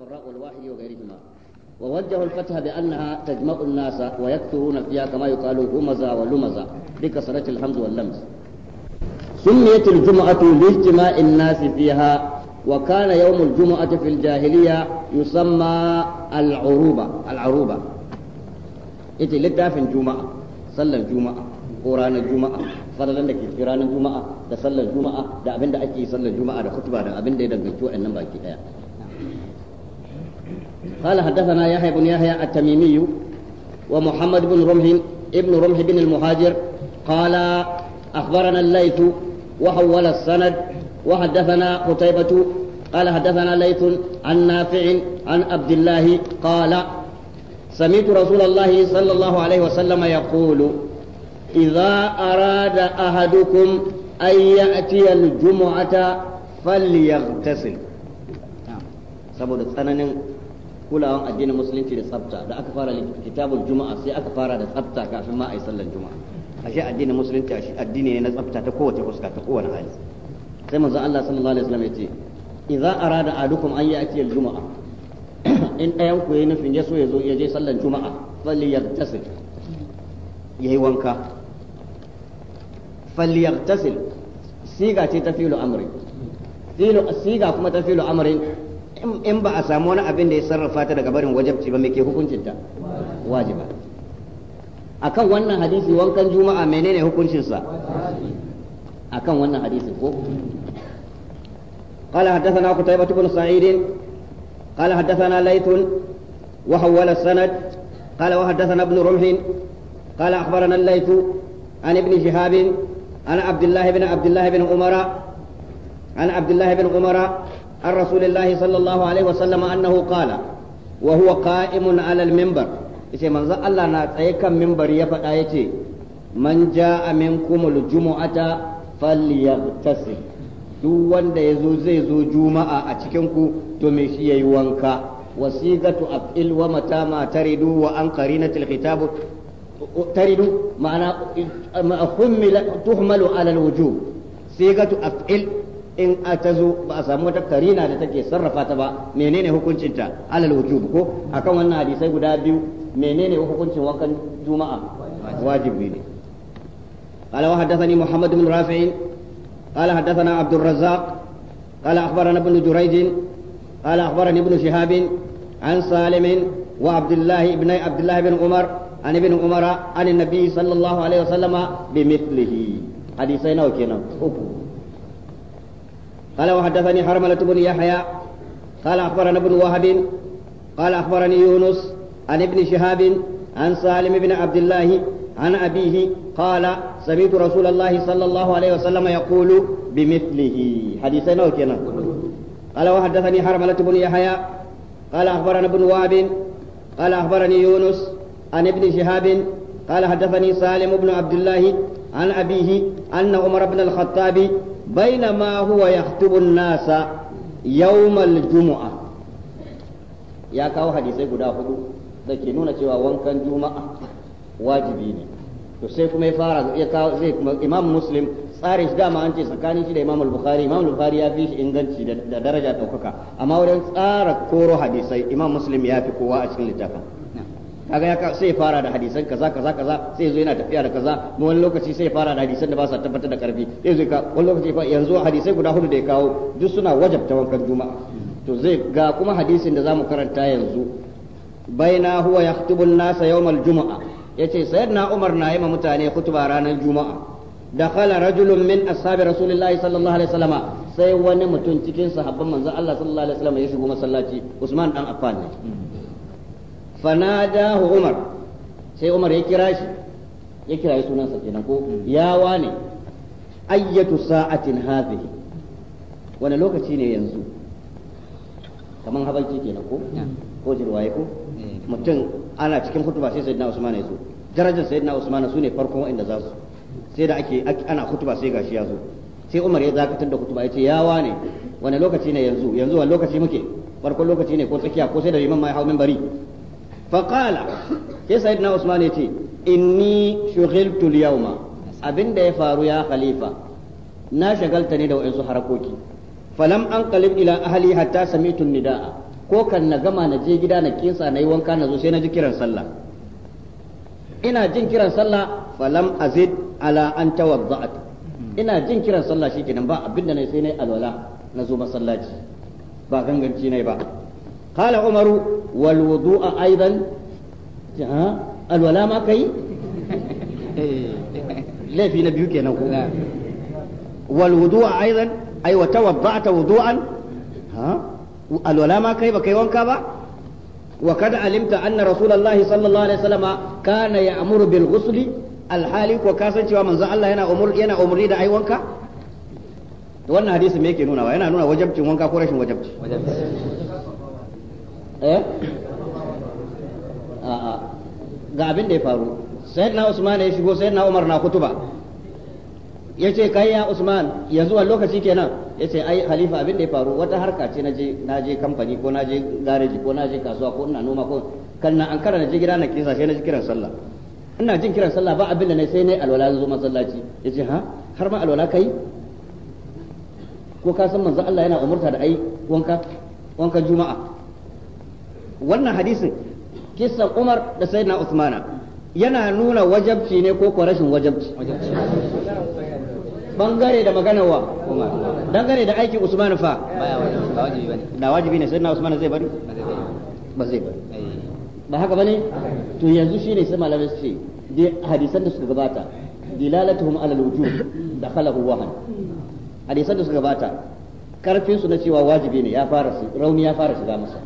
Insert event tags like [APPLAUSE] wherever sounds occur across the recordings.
والسراء والواحد وغيرهما ووجهوا الفتح بأنها تجمع الناس ويكثرون فيها كما يقال همزة ولمزة بكسرة الحمز واللمز سميت الجمعة لاجتماع الناس فيها وكان يوم الجمعة في الجاهلية يسمى العروبة العروبة إنت إتي لتافن الجمعة صلى الجمعة قرآن الجمعة falalan لك قرآن الجمعة تصلى الجمعة sallar أبن da abin da الجمعة sallar خطبة da أبن da abin da ya danganci قال حدثنا يحيى بن يحيى التميمي ومحمد بن رمح ابن رمح بن المهاجر قال أخبرنا الليث وحول السند وحدثنا قتيبة قال حدثنا ليث عن نافع عن عبد الله قال سمعت رسول الله صلى الله عليه وسلم يقول إذا أراد أحدكم أن يأتي الجمعة فليغتسل saboda tsananin kulawan addinin musulunci da tsafta da aka fara kitabul juma'a sai aka fara da tsafta kafin ma a yi sallar juma'a ashe addinin musulunci ashe addini ne na tsafta ta kowace fuska ta kowane hali sai manzon Allah sallallahu alaihi wasallam yace idza arada ahadukum an ya'ti al-juma'a [COUGHS] in ɗayan ku yayi nufin ya so ya zo ya je sallar juma'a falyaghtasil yayi wanka falyaghtasil siga ce ta filu amri siga kuma ta filu amrin in ba a samu wani abin da ya sarrafa ta daga barin wajabci ba ke hukuncinta wajiba akan wannan hadisi wankan juma'a menene hukuncinsa akan wannan hadisi ko قال حدثنا قتيبة بن سعيد قال حدثنا ليث وحول السند قال وحدثنا ابن رمح قال أخبرنا الليث عن ابن شهاب عن عبد الله بن عبد الله بن عمر عن عبد الله بن عمر عن رسول الله صلى الله عليه وسلم أنه قال وهو قائم على المنبر yace manzo Allah na tsaye kan mimbari ya faɗa yace man ja'a minkumul duk wanda yazo zai zo juma'a a cikin ku to me shi yayi wanka wasigatu wa mata ma taridu wa an qarinatil khitab taridu ma'ana tuhmalu ala alwujub sigatu af'il in a ta zo ba a samu wata karina da take sarrafa ta ba menene hukuncinta alal wujub ko akan wannan hadisai guda biyu menene hukuncin wankan juma'a wajibi ne قال وحدثني محمد بن رافع قال حدثنا عبد الرزاق قال أخبرنا ابن جريج قال أخبرني ابن شهاب عن سالم وعبد الله بن عبد الله بن عمر عن ابن عمر عن النبي صلى الله عليه وسلم بمثله حديثين أو كنا قال وحدثني حرملة بن يحيى قال أخبرنا ابن وهب قال أخبرني يونس عن ابن شهاب عن سالم بن عبد الله عن أبيه قال سمعت رسول الله صلى الله عليه وسلم يقول بمثله حديثنا وكنا قال وحدثني حرملة بن يحيى قال أخبرنا ابن وهب قال أخبرني يونس عن ابن شهاب قال حدثني سالم بن عبد الله عن أبيه أن عمر بن الخطاب بينما هو يخطب الناس يوم الجمعه يا كاو حديثي قدا خدو nuna نونا wankan juma'a wajibi ne to sai kuma ya fara ya kawo zai kuma imam muslim tsarin shi dama an ce tsakanin shi da imam al-bukhari imam al-bukhari ya fi shi inganci da daraja daukaka amma wurin tsara koro hadisai imam muslim ya fi kowa a cikin littafin kaga ya sai fara da hadisan kaza kaza kaza sai zo yana tafiya da kaza mu wani lokaci sai fara da hadisan da ba sa tabbatar da karfi sai zo ka wani lokaci fa yanzu hadisai guda hudu da ya kawo duk suna wajabta wankan juma'a to zai ga kuma hadisin da zamu karanta yanzu baina huwa yaktubu an-nasa yawmal juma'a yace sayyidina Umar na yi ma mutane khutba ranar juma'a دخل rajulun min أصحاب رسول الله صلى الله عليه وسلم sai wani mutum cikin sahabban manzon Allah sallallahu alaihi wasallam ya shigo masallaci Usman dan Affan ne fanadahu umar sai umar ya kira shi ya kira sunansa kenan ko ya wane ayyatu sa'atin hadhihi wane lokaci ne yanzu kaman habanci kenan ko ko jirwaye ko mutum ana cikin hutuba sai sayyidina usman ya zo darajar sayyidina usman su ne farkon wanda za su sai da ake ana hutuba sai gashi ya zo sai umar ya zakatar da hutuba ya ya wane wani lokaci ne yanzu yanzu wane lokaci muke farkon lokaci ne ko tsakiya ko sai da liman mai ya hau minbari faƙala sai sayid usman ya ce inni shughiltul yawma abin da ya faru ya khalifa na shagalta ne da wa'insu harakoki falam an qalib ila ahli hatta sami'tu nida'a ko kan na gama na je gida na kinsa na yi wanka na zo sai na ji kiran sallah ina jin kiran sallah falam azid ala an tawadda'at ina jin kiran sallah shikenan ba abin da na sai na alwala na zo masallaci ba ganganci ne ba قال عمر والوضوء أيضا الولاء ما كي لا في نبيك يا والوضوء أيضا أي وتوضعت وضوءا ها الولاء ما كي بكي وانكا با وقد علمت أن رسول الله صلى الله عليه وسلم كان يأمر بالغسل alhali ko ka san cewa manzo Allah yana umur yana umurni da ai wanka wannan hadisi me yake nuna wa yana nuna wajabcin wanka ko rashin wajabci eh ga abin da ya faru na usman ya shigo na umar na kutuba ya ce kai ya usman yanzu a lokaci kenan ce ai halifa abin da ya faru wata harka ce na je na je kamfani ko na je gareji ko na je kasuwa ko ina noma ko kan na an karanta gida na kisa sai ji kiran sallah ina jin kiran sallah ba abin da ne sai nayi alwala zo masallaci ce ha har ma alwala kai ko ka san manzo Allah yana umurta da ai wanka wanka juma'a wannan hadisin kisan Umar da Sayyidina Usmana yana nuna wajabci ne ko ko rashin wajabci bangare da magana wa Umar dangane da aikin Usman fa ba wajibi bane da wajibi ne Sayyidina Usman zai bari ba zai bari eh. ba haka bane to yanzu shine sai malamai su ce hadisan da suka gabata dilalatuhum ala al da khalahu wahan hadisan da suka gabata karfin su na cewa wajibi ne ya fara rauni ya fara shiga masa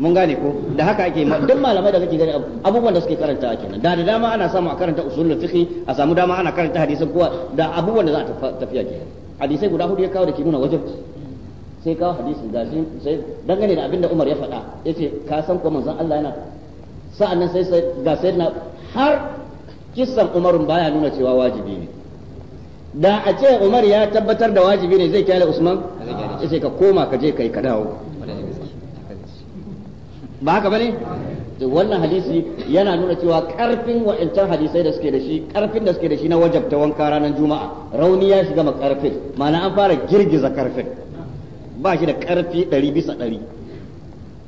mun gane ko da haka ake duk malamai da kake gani abubuwan da suke karanta kenan da da dama ana samu a karanta usulul fiqi a samu dama ana karanta hadisin kowa da abubuwan da za a tafiya kenan hadisai guda hudu ya kawo da ke nuna wajen sai kawo hadisin da shi sai dangane da abinda Umar ya faɗa yace ka san ko manzon Allah yana sa'annan sai sai ga sayyidina har kissan Umarun baya nuna cewa wajibi ne da a ce Umar ya tabbatar da wajibi ne zai kyale Usman sai ka koma ka je kai ka dawo ba haka bane wannan hadisi yana nuna cewa karfin wa'ancan hadisai da suke da shi karfin da suke da shi na wajabta wanka ranar juma'a rauni ya shiga ma karfin ma'ana an fara girgiza karfin ba shi da karfi ɗari bisa ɗari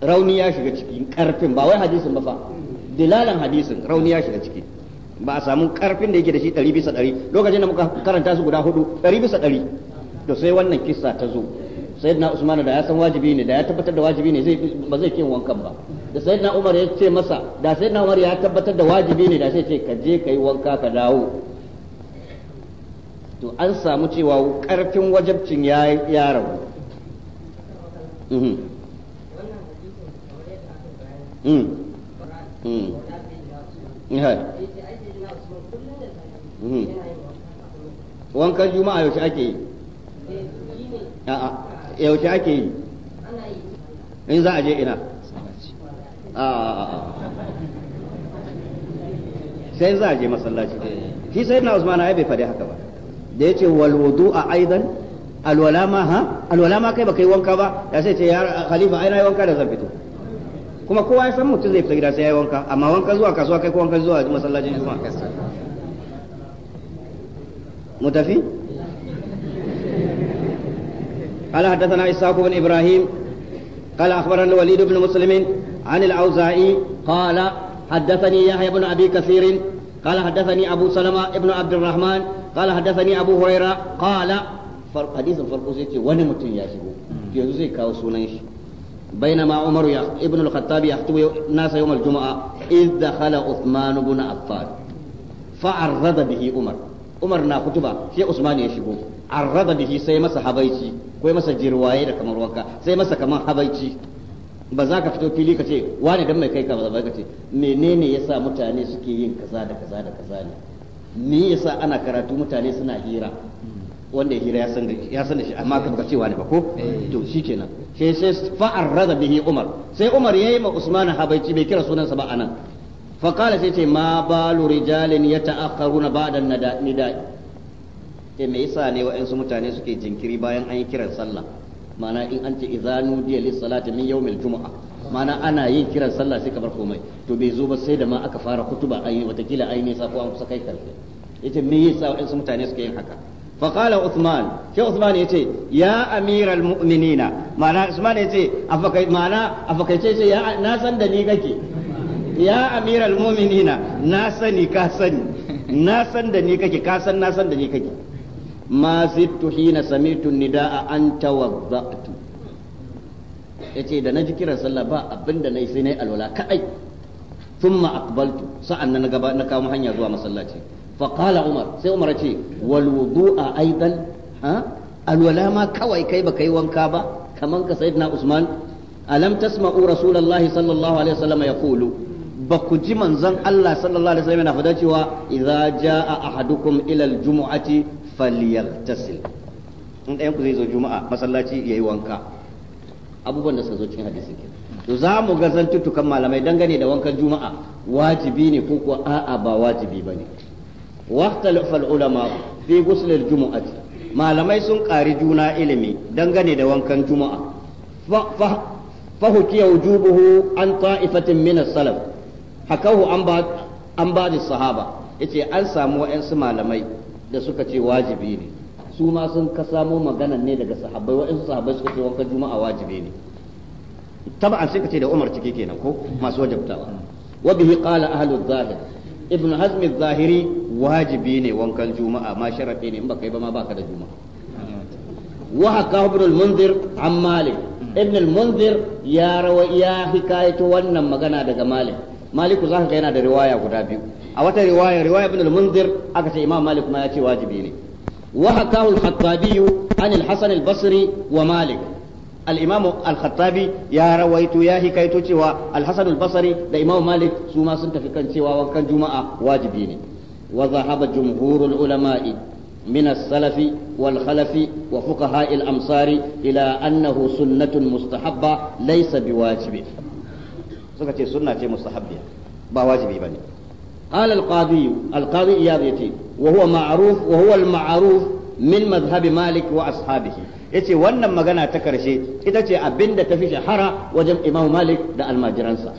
rauni ya shiga cikin karfin ba wai hadisin ba fa dilalan hadisin rauni ya shiga ciki ba a samu karfin da yake da shi ɗari bisa ɗari lokacin da muka karanta su guda hudu ɗari bisa ɗari to sai wannan kissa ta zo sayyidina usman da ya san wajibi ne da ya tabbatar da wajibi ne zai ba zai kin wankan ba da sayyidina umar ya ce masa da sayyidina umar ya tabbatar da wajibi ne da sai ce ka je kai wanka ka dawo to an samu cewa karfin wajibcin ya ya rabu mhm. Mhm. Mhm. wankan juma'a yaushe ake yi a'a yauce ake yi in za a je ina ah, ah, ah, sai za a je masallaci shi sai na usman ai bai faɗi haka ba da yace wal a aidan alwala ma ha alwalama kai baka yi wanka ba ya sai ce ya khalifa ai nayi wanka da zan fito kuma kowa ya san mutum zai fita gida sai ya yi wanka amma wanka zuwa kasuwa kai ko wanka zuwa masallacin juma'a mutafi. قال حدثنا إسحاق بن إبراهيم قال أخبرنا الوليد بن مسلم عن الأوزاعي قال حدثني يحيى بن أبي كثير قال حدثني أبو سلمة ابن عبد الرحمن قال حدثني أبو هريرة قال فرق حديث فرق سيتي ونمت يا yanzu zai kawo sunan shi بينما عمر ابن الخطاب يخطب الناس يوم الجمعة إذ دخل عثمان بن عفان فعرض به عمر Umar na kutuba sai Usman ya shigo arraba bihi sai masa habaici ko masa jirwaye da kamar wanka sai masa kamar habaici ba za ka fito fili ka ce wani dan mai kai ka ba ka ce menene yasa mutane suke yin kaza da kaza da kaza ne me yasa ana karatu mutane suna hira wanda hira ya san ya san da shi amma ka baka cewa ne ba ko eh. to shikenan sai sai fa arrada bihi Umar sai Umar yayi ma Usman habaici bai kira sunansa ba anan faƙala sai ce ma balu rijalin ya ta'akkaruna ba'da nida'i ce me yasa ne wa'ansu mutane suke jinkiri bayan an yi kiran sallah ma'ana in an ce idza nudiya lis salati min yawmil jumu'a ma'ana ana yin kiran sallah sai bar komai to bai zo ba sai da ma aka fara kutuba an yi watakila an yi sako an kusa kai karfe yace me yasa wa'ansu mutane suke yin haka فقال عثمان شيخ عثمان يتي يا أمير المؤمنين معنى عثمان ce أفكي معنى أفكي يا ناسا دني ya amiral mu'minina na sani ka sani na san da ni kake ka san na san da ni kake ma zittu hina samitu nida'a an tawadda'tu yace da naji kiran sallah ba abinda nayi sai nayi alwala kai thumma aqbaltu sa'annan na gaba na kawo hanya zuwa masallaci fa qala umar sai umar yace wal wudu'a aidan ha alwala ma kawai kai baka yi wanka ba kaman ka sayyidina usman alam tasma'u rasulullahi sallallahu alaihi wasallam yaqulu ba ku ji manzon Allah sallallahu alaihi wasallam yana fada cewa idza jaa ahadukum ila aljum'ati falyaghtasil in ɗayan ku zai zo juma'a masallaci yayi wanka abubuwan da suka zo cikin hadisin kenan to za mu ga zantuttukan malamai dangane da wankan juma'a wajibi ne ko kuwa a'a ba wajibi bane واختلف fi في غسل الجمعة malamai sun ƙari juna ilimi dangane da wankan juma'a fahukiya wujubuhu an ta'ifatin minas salaf hakahu an ba da sahaba yace an samu wa'ansu malamai da suka ce wajibi ne su ma sun ka samo magana ne daga sahabbai wa'ansu sahabbai suka ce wanka juma'a wajibi ne tabi'an sai ka ce da Umar cike kenan ko masu wajabtawa wa bihi qala ahlu zahir ibn hazm zahiri wajibi ne wankan juma'a ma sharafi ne in ba kai ba ma baka da juma'a wa haka ibn al-munzir an malik ibn al-munzir ya rawa ya hikayato wannan magana daga malik maliku zaka ga yana da riwaya guda biyu a wata riwaya riwaya ibn al-munzir aka ce imam malik ma ya ce wajibi ne wa hakahu al-khattabi an al-hasan al-basri wa malik al-imam al-khattabi ya rawaito ya hikaito cewa al-hasan al-basri da imam malik su ma sun tafi kan cewa wankan juma'a wajibi ne wa zahaba jumhurul salafi من السلف والخلف وفقهاء الأمصار إلى أنه سنة مستحبة ليس بواجب suka ce sunna ce mustahabbiya ba wajibi bane قال القاضي القاضي إياد يتي وهو معروف وهو المعروف من مذهب مالك وأصحابه yace wannan magana ta karshe ita ce abinda ta fi shahara wajen Imam Malik da almajiransa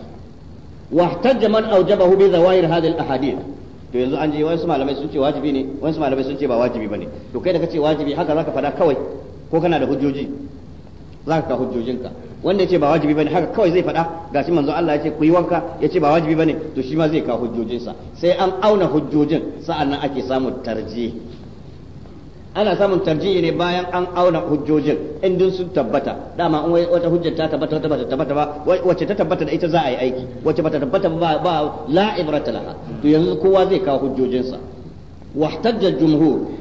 wahtajja man awjabahu bi zawahir hadhihi al-ahadith to yanzu an je wasu malamai sun ce wajibi ne wasu malamai sun ce ba wajibi bane to kai da wajibi haka zaka fada kawai ko kana da hujjoji za ka hujjojinka wanda yace ba wajibi bane haka kawai zai faɗa gashi manzo Allah yace ku yi wanka ce ba wajibi bane to shi ma zai ka hujjojinsa sai an auna hujjojin sa'annan ake samun tarji ana samun tarjihi ne bayan an auna hujjojin in dun sun tabbata dama in wata hujjar ta tabbata wata bata tabbata ba wacce ta tabbata da ita za a yi aiki wacce bata tabbata ba ba la ibrata laha to yanzu kowa zai kawo hujjojinsa wahtajja jumhur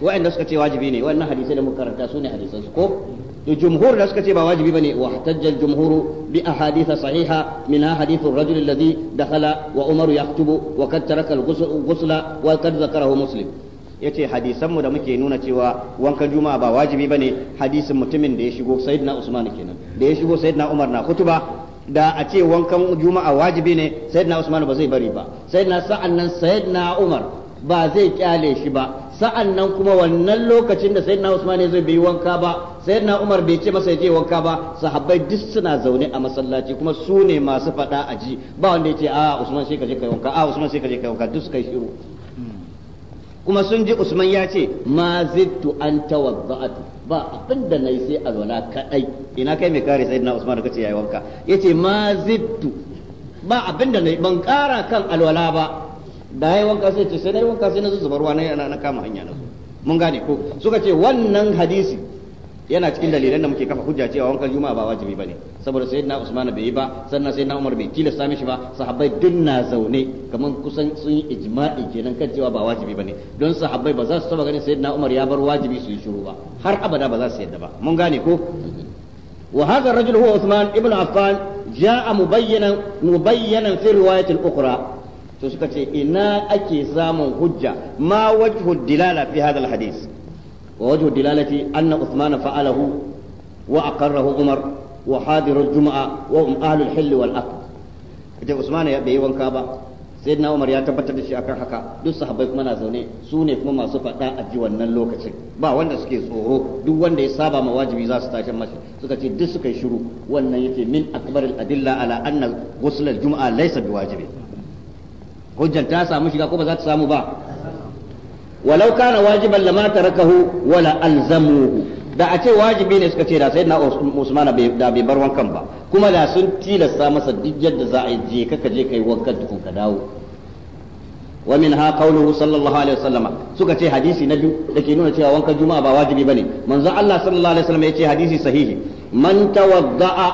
wa'anda suka ce wajibi ne wannan hadisai da muka karanta su ne hadisan su ko to jumhur da suka ce ba wajibi bane wa hatajjal jumhur bi ahadith sahiha minha hadith ar-rajul alladhi dakhala wa umaru yaktubu wa kad taraka al-ghusla wa kad zakarahu muslim yace hadisan mu da muke nuna cewa wanka juma'a ba wajibi bane hadisin mutumin da ya shigo sayyidina usman kenan da ya shigo sayyidina umar na kutuba da a ce wankan juma'a wajibi ne sayyidina usman ba zai bari ba sayyidina sa'annan sayyidina umar ba zai kyale shi ba sa'an nan kuma wannan lokacin da sayyidina Usman zai bi wanka ba sayyidina Umar bai ce masa je wanka ba sahabbai duk suna zaune a masallaci kuma su ne masu faɗa a ji ba wanda ya ce a ah, Usman sai ka je kai wanka a ah, Usman sai ka je kai wanka duk kai shiru kuma sun ji Usman ya ce ma zittu an tawadda'atu ba abin da nayi sai alwala kadai ina kai mai kare sayyidina Usman da kace yayi wanka yace ma zittu ba abin da nayi ban kara kan alwala ba da ya wanka sai ce sai na yi wanka sai na zuzuba ruwa na na kama hanya na zo mun gane ko suka ce wannan hadisi yana cikin dalilan da muke kafa hujja cewa wankan juma'a ba wajibi bane saboda sayyidina usman bai yi ba sannan sayyidina umar bai tilasta mishi ba sahabbai duk na zaune kaman kusan sun yi ijma'i kenan kan cewa ba wajibi bane don sahabbai ba za su taba ganin sayyidina umar ya bar wajibi su yi shiru ba har abada ba za su yadda ba mun gane ko wa hadha rajul huwa usman ibn affan ja'a mubayyanan mubayyanan fi riwayatil ukhra to suka ce ina ake samun hujja ma wajhu dilala fi hadha alhadith wa wajhu dilalati anna usman fa'alahu wa aqarrahu umar wa hadiru aljum'a wa hum ahli alhill wal aqd ita usman ya bai wanka ba sayyidina umar ya tabbatar da shi akan haka duk sahabbai kuma na zaune su ne kuma masu faɗa a ji wannan lokacin ba wanda suke tsoro duk wanda ya saba ma wajibi za su tashi mashi suka ce duk suka yi shiru wannan yake min akbaril adilla ala anna ghusl aljum'a laysa wajibi. hujjar ta samu shiga ko ba za ta samu ba walau kana wajiban lama tarakahu wala alzamuhu da a ce wajibi ne suka ce da na Usman da bai bar wankan ba kuma da sun tilasta masa duk yadda za a je kaka je kai wankan tukun ka dawo wa min ha qawluhu sallallahu alaihi wasallam suka ce hadisi na biyu dake nuna cewa wankan juma'a ba wajibi bane manzo Allah sallallahu alaihi wasallam ce hadisi sahihi man tawadda'a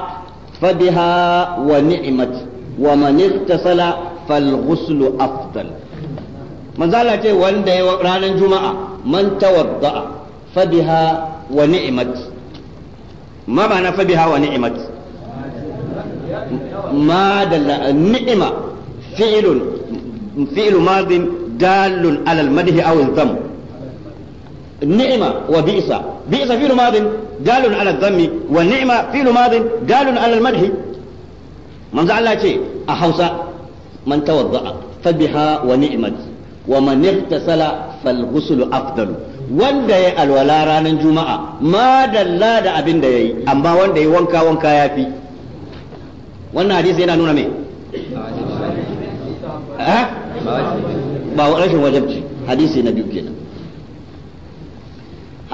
fa biha wa ni'mat wa man igtasala فالغسل أفضل من زال تي وان دي رانا جمعة من توضأ فبها ونعمت ما معنى فبها ونعمت ما دل النعمة فعل فعل ماض دال على المدح أو الذم النعمة وبئس بئس فعل ماض دال على الذم والنعمة فعل ماض دال على المدح manzo Allah ce a Hausa man tawadda'a fa biha wa ni'mat wa man ihtasala fal ghusl afdalu wanda ya alwala ranar juma'a ma dalla da abin da yayi amma wanda ya wanka wanka yafi wannan hadisi yana nuna me ba na biyu kenan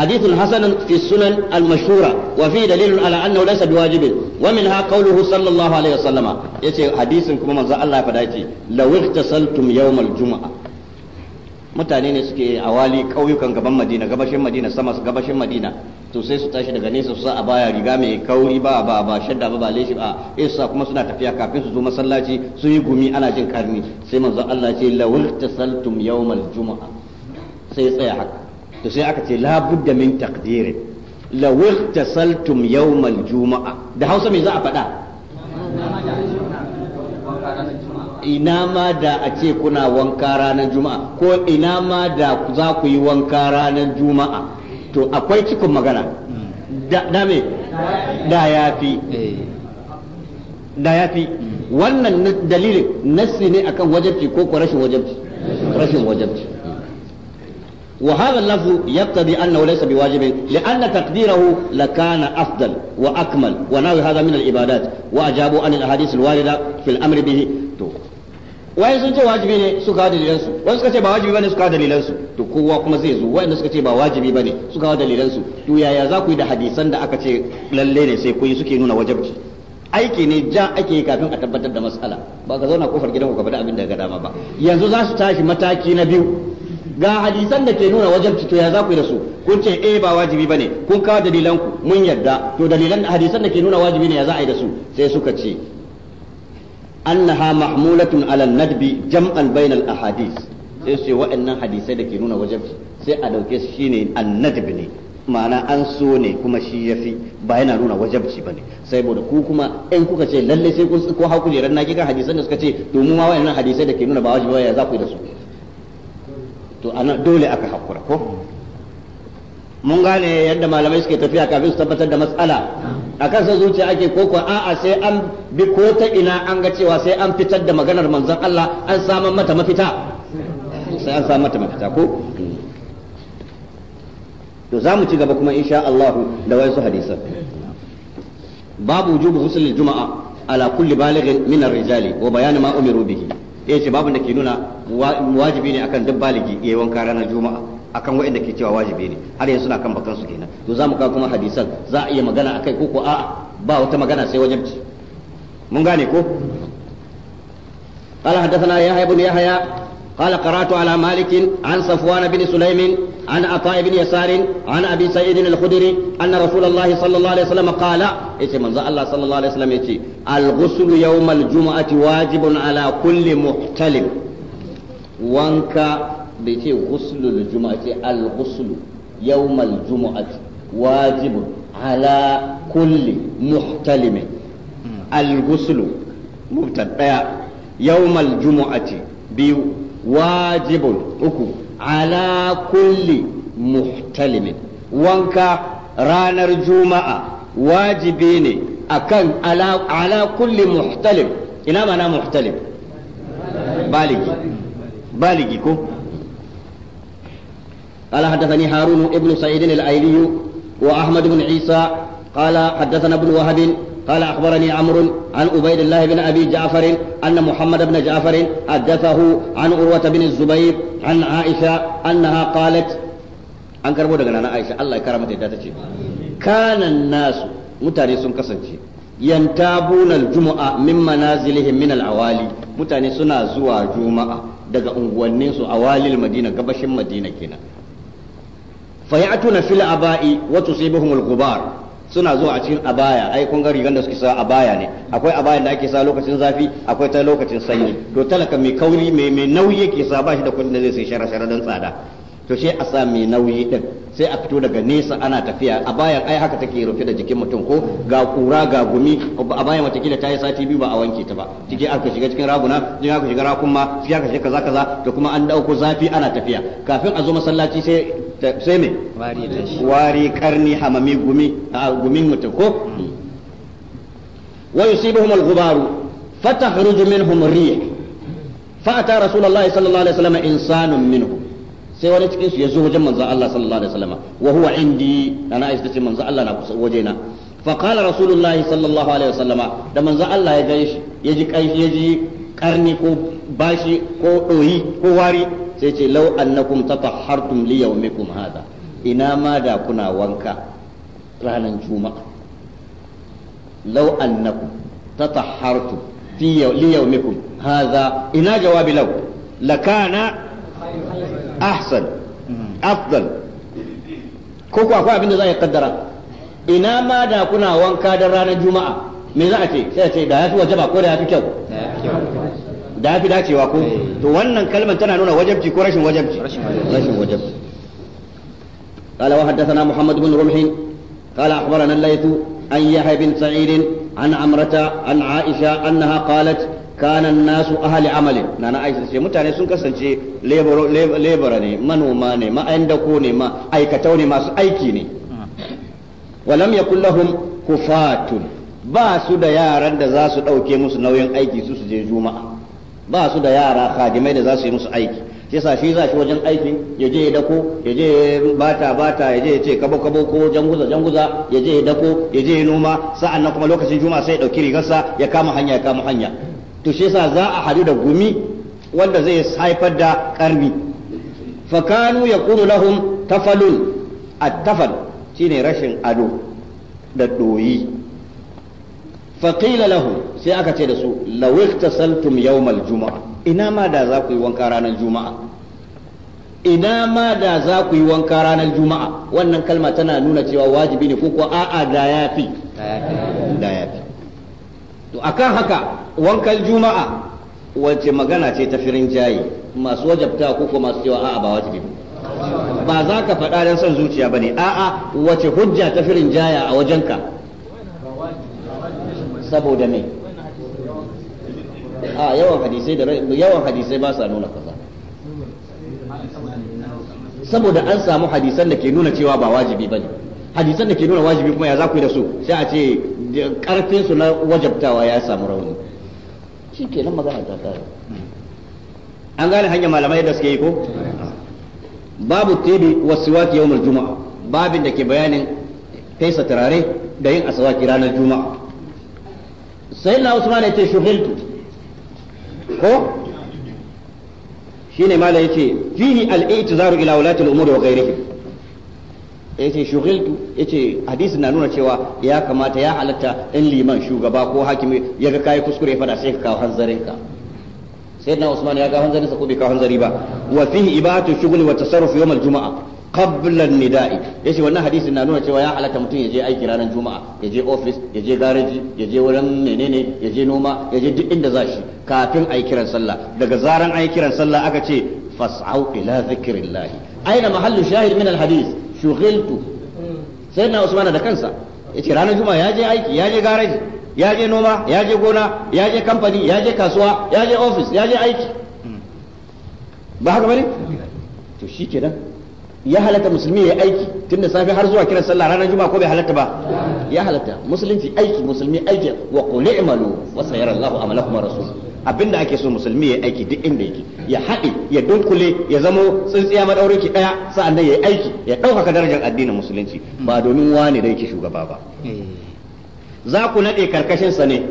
حديث حسن في السنن المشهورة وفيه دليل على أنه ليس بواجب ومنها قوله صلى الله عليه وسلم يتي حديث كما من الله فدايتي لو اغتسلتم يوم الجمعة mutane ne suke awali ƙauyukan gaban madina gabashin madina sama gabashin madina to sai su tashi daga nesa su sa a baya riga mai kauri ba ba ba shadda ba ba leshi ba isa kuma suna tafiya kafin su zo masallaci su yi gumi ana jin karni sai manzon Allah ce lawil tasaltum yawmal juma'a sai tsaya haka to sai aka ce budda min taqdirin law ihtasaltum yawm al-juma'a da Hausa me za a faɗa ina ma da a ce kuna wanka ranar juma'a ko ina ma da za ku yi wanka ranar juma'a to akwai cikin magana da me da ya fi da ya fi wannan dalilin nassi ne akan wajabci ko ko rashin wajabci rashin wajabci وهذا اللفظ يقتضي أنه ليس بواجب لأن تقديره لكان أفضل وأكمل وناوي هذا من العبادات وأجابوا عن الأحاديث الواردة في الأمر به waye sun ce wajibi ne su kawo dalilansu wai suka ce ba wajibi bane su kawo dalilansu to kowa kuma zai zo wanda suka ce ba wajibi bane su kawo dalilansu to yaya za ku yi da hadisan da aka ce lalle ne sai ku yi suke nuna wajibi aiki ne ja ake yi kafin a tabbatar da matsala ba ka zauna kofar gidan ku ka faɗi abin da dama ba yanzu za su tashi mataki na biyu ga hadisan da ke nuna wajabci to ya za ku yi da su kun ce eh ba wajibi bane kun kawo dalilan ku mun yadda to dalilan hadisan da ke nuna wajibi ne ya za a yi da su sai suka ce annaha mahmulatun ala nadbi jam'an bainal ahadith sai su wa'annan hadisai da ke nuna wajabci sai a dauke su shine annadbi ne ma'ana an so ne kuma shi ya fi ba yana nuna wajabci ba ne bude ku kuma in kuka ce lalle sai ko hakuri ran na kan hadisan da suka ce domin ma wa'annan hadisai da ke nuna ba wajibi ba ya za ku yi da su to ana dole aka hakura ko mun gane yadda malamai suke tafiya kafin su tabbatar da matsala a kansa zuciya ake ko ko a'a sai an bi ko ta ina an ga cewa sai an fitar da maganar manzon Allah an samu mata mafita sai an samu mata mafita ko to za mu ci gaba kuma insha Allah da wasu hadisan babu wujubu husul juma'a ala kulli balighin min ar-rijali wa bayan ma umiru bihi ya ce babin da ke nuna wajibi ne akan duk baligi yi wanka ranar juma'a akan waɗanda ke cewa wajibi ne har yanzu suna kan bakan su kenan to za mu kawo kuma hadisan za a iya magana akai ko ko a'a ba wata magana sai wajibci mun gane ko قال حدثنا يحيى بن يحيى قال قرأت على مالك عن صفوان بن سليم عن عطاء بن يسار عن أبي سعيد الخدري أن رسول الله صلى الله عليه وسلم قال إيش من الله صلى الله عليه وسلم يتي الغسل يوم الجمعة واجب على كل محتلم وانك بيتي غسل الجمعة الغسل يوم الجمعة واجب على كل محتلم الغسل مبتدأ يوم الجمعة biyu wajibin uku ala kulli muhtalimin wanka ranar juma'a wajibi ne akan ala, kulli muhtalim ina mana muhtalim baligi baligi ko قال حدثني هارون ابن سعيد الأيلي وأحمد بن عيسى قال حدثنا ابن وهب قال أخبرني عمرو عن عبيد الله بن bin جعفر أن محمد بن جعفر حدثه عن عروة بن الزبير عن عائشة أنها قالت an karbo daga nana Aisha Allah ya karamata yadda tace kanan nasu mutane sun kasance yantabuna juma'a min manazilihim min alawali mutane suna zuwa juma'a daga unguwannin su awalil madina gabashin madina kenan fayatuna fil aba'i wa tusibuhum alghubar suna zuwa a cikin abaya ai kun ga rigan da suke sa abaya ne akwai abayan da ake sa lokacin zafi akwai ta lokacin sanyi to talaka mai kauri mai mai nauyi ke sa ba shi da kudin da zai sai shara shara dan tsada to shi a sa mai nauyi din sai a fito daga nesa ana tafiya a bayan ai haka take rufe da jikin mutum ko ga kura ga gumi a bayan wata kila yi sati biyu ba a wanke ta ba cikin aka shiga cikin raguna cikin aka shiga rakun ma cikin aka shiga kaza kaza to kuma an dauko zafi ana tafiya kafin a zo masallaci sai sai me wari karni hamami gumi a gumin mutum ko wa yusibuhum al-ghubaru fatahruju minhum riyah فأتى رسول الله صلى الله عليه وسلم إنسان منهم sai wani cikinsu ya zo wajen manzon Allah sallallahu alaihi wasallam wa huwa indi ana aisha ce manzon Allah na kusa wajena fa qala rasulullahi sallallahu alaihi wasallama da manzon Allah ya gaishe ya ji kai ya ji karni ko bashi ko doyi ko wari sai ce law annakum tatahhartum li yawmikum hada ina ma da kuna wanka ranan juma'a law annakum tatahhartum fi li yawmikum hada ina jawabi law lakana ahsan afdal ko ko akwai abinda za a kaddara ina ma da kuna wanka da ranar juma'a me za a ce sai a ce da ya fi wajaba ko da ya fi kyau da ya fi dacewa ko to wannan kalmar tana nuna wajabci ko rashin wajabci rashin wajabci قال وحدثنا محمد بن رمح قال أخبرنا الليث عن يحيى بن سعيد عن عمرة عن عائشة أنها قالت kanan nasu ahali amalin na na aiki ce mutane sun kasance lebura ne manoma ne ma'ayan dako ne ma aikatau ne masu aiki ne walam ya lahum kufatun ba su da yaran da za su ɗauke musu nauyin aiki su su je juma'a ba su da yara khadimai da za su yi musu aiki sai sa shi za shi wajen aikin ya je ya dako ya je bata bata ya je ya ce kabo kabo ko janguza janguza ya je ya dako ya je ya noma sa'an nan kuma lokacin juma'a sai ya ɗauki rigarsa ya kama hanya ya kama hanya to shi yasa za a hadu da gumi wanda zai haifar da karni fakanu yakunu lahum tafalun at-tafal shine rashin ado da doyi faqila lahum sai aka ce da su law iktasaltum yawmal juma'a ina ma da za ku yi wanka ranar juma'a ina ma da za ku yi wanka ranar juma'a wannan kalma tana nuna cewa wajibi ne ko ko a'a da yafi da yafi to akan haka wankan juma'a wacce magana ce ta firin jayi masu wajabta ko kuma masu cewa a'a ba wajibi ba za ka faɗa don son zuciya ba ne a'a wace hujja ta firin jaya a wajenka saboda me a yawan hadisai da yawan hadisai ba sa nuna kaza saboda an samu hadisan da ke nuna cewa ba wajibi ba ne hadisan da ke nuna wajibi kuma ya za ku yi da su sai a ce karfin su na wajabtawa ya samu rauni shi ke nan magana ta kare an gane hanya malamai da suke yi ko babu tibi wasiwaki yawmul juma'a babin da ke bayanin fesa turare da yin asawaki ranar juma'a sai na usman ya ce shuhiltu ko shine malai ce, fihi al-i'tizaru ila ulati al-umur wa ghayrihim ya shughiltu yace hadisi na nuna cewa ya kamata ya halatta in liman shugaba ko hakimi yaga kai kuskure fada sai ka kawo hanzarin usman ya ga hanzarin sa ko bai kawo hanzari ba wa fihi ibatu shugul wa tasarruf yawm al-jumu'a qabla an-nida'i yace wannan hadisin na nuna cewa ya halatta mutum ya je aiki ranar juma'a ya je office ya je gareji ya je wurin menene ya je noma ya je duk inda za shi kafin ayi kiran sallah daga zaran ayi kiran sallah aka ce fas'au ila zikrillah aina mahallu shahid min al-hadith shugiltu sai na usman da kansa ce ranar juma'a ya je aiki ya je garaji ya je noma ya je gona ya je kamfani ya je kasuwa ya je ofis ya je aiki ba haka bane to shi kenan ya halatta musulmi ya aiki tun da safe har zuwa kiran sallah ranar juma'a ko bai halatta ba ya halatta musulunci aiki musulmi aiki wa qul i'malu wa sayarallahu amalakum wa rasuluhu abinda ake so musulmi ya aiki duk inda yake ya haɗe ya dunkule ya zamo tsintsiya madaurinki ɗaya sa'annan ya yi aiki ya ɗaukaka darajar addinin musulunci ba domin wani da yake shugaba ba hmm. za ku naɗe sa ne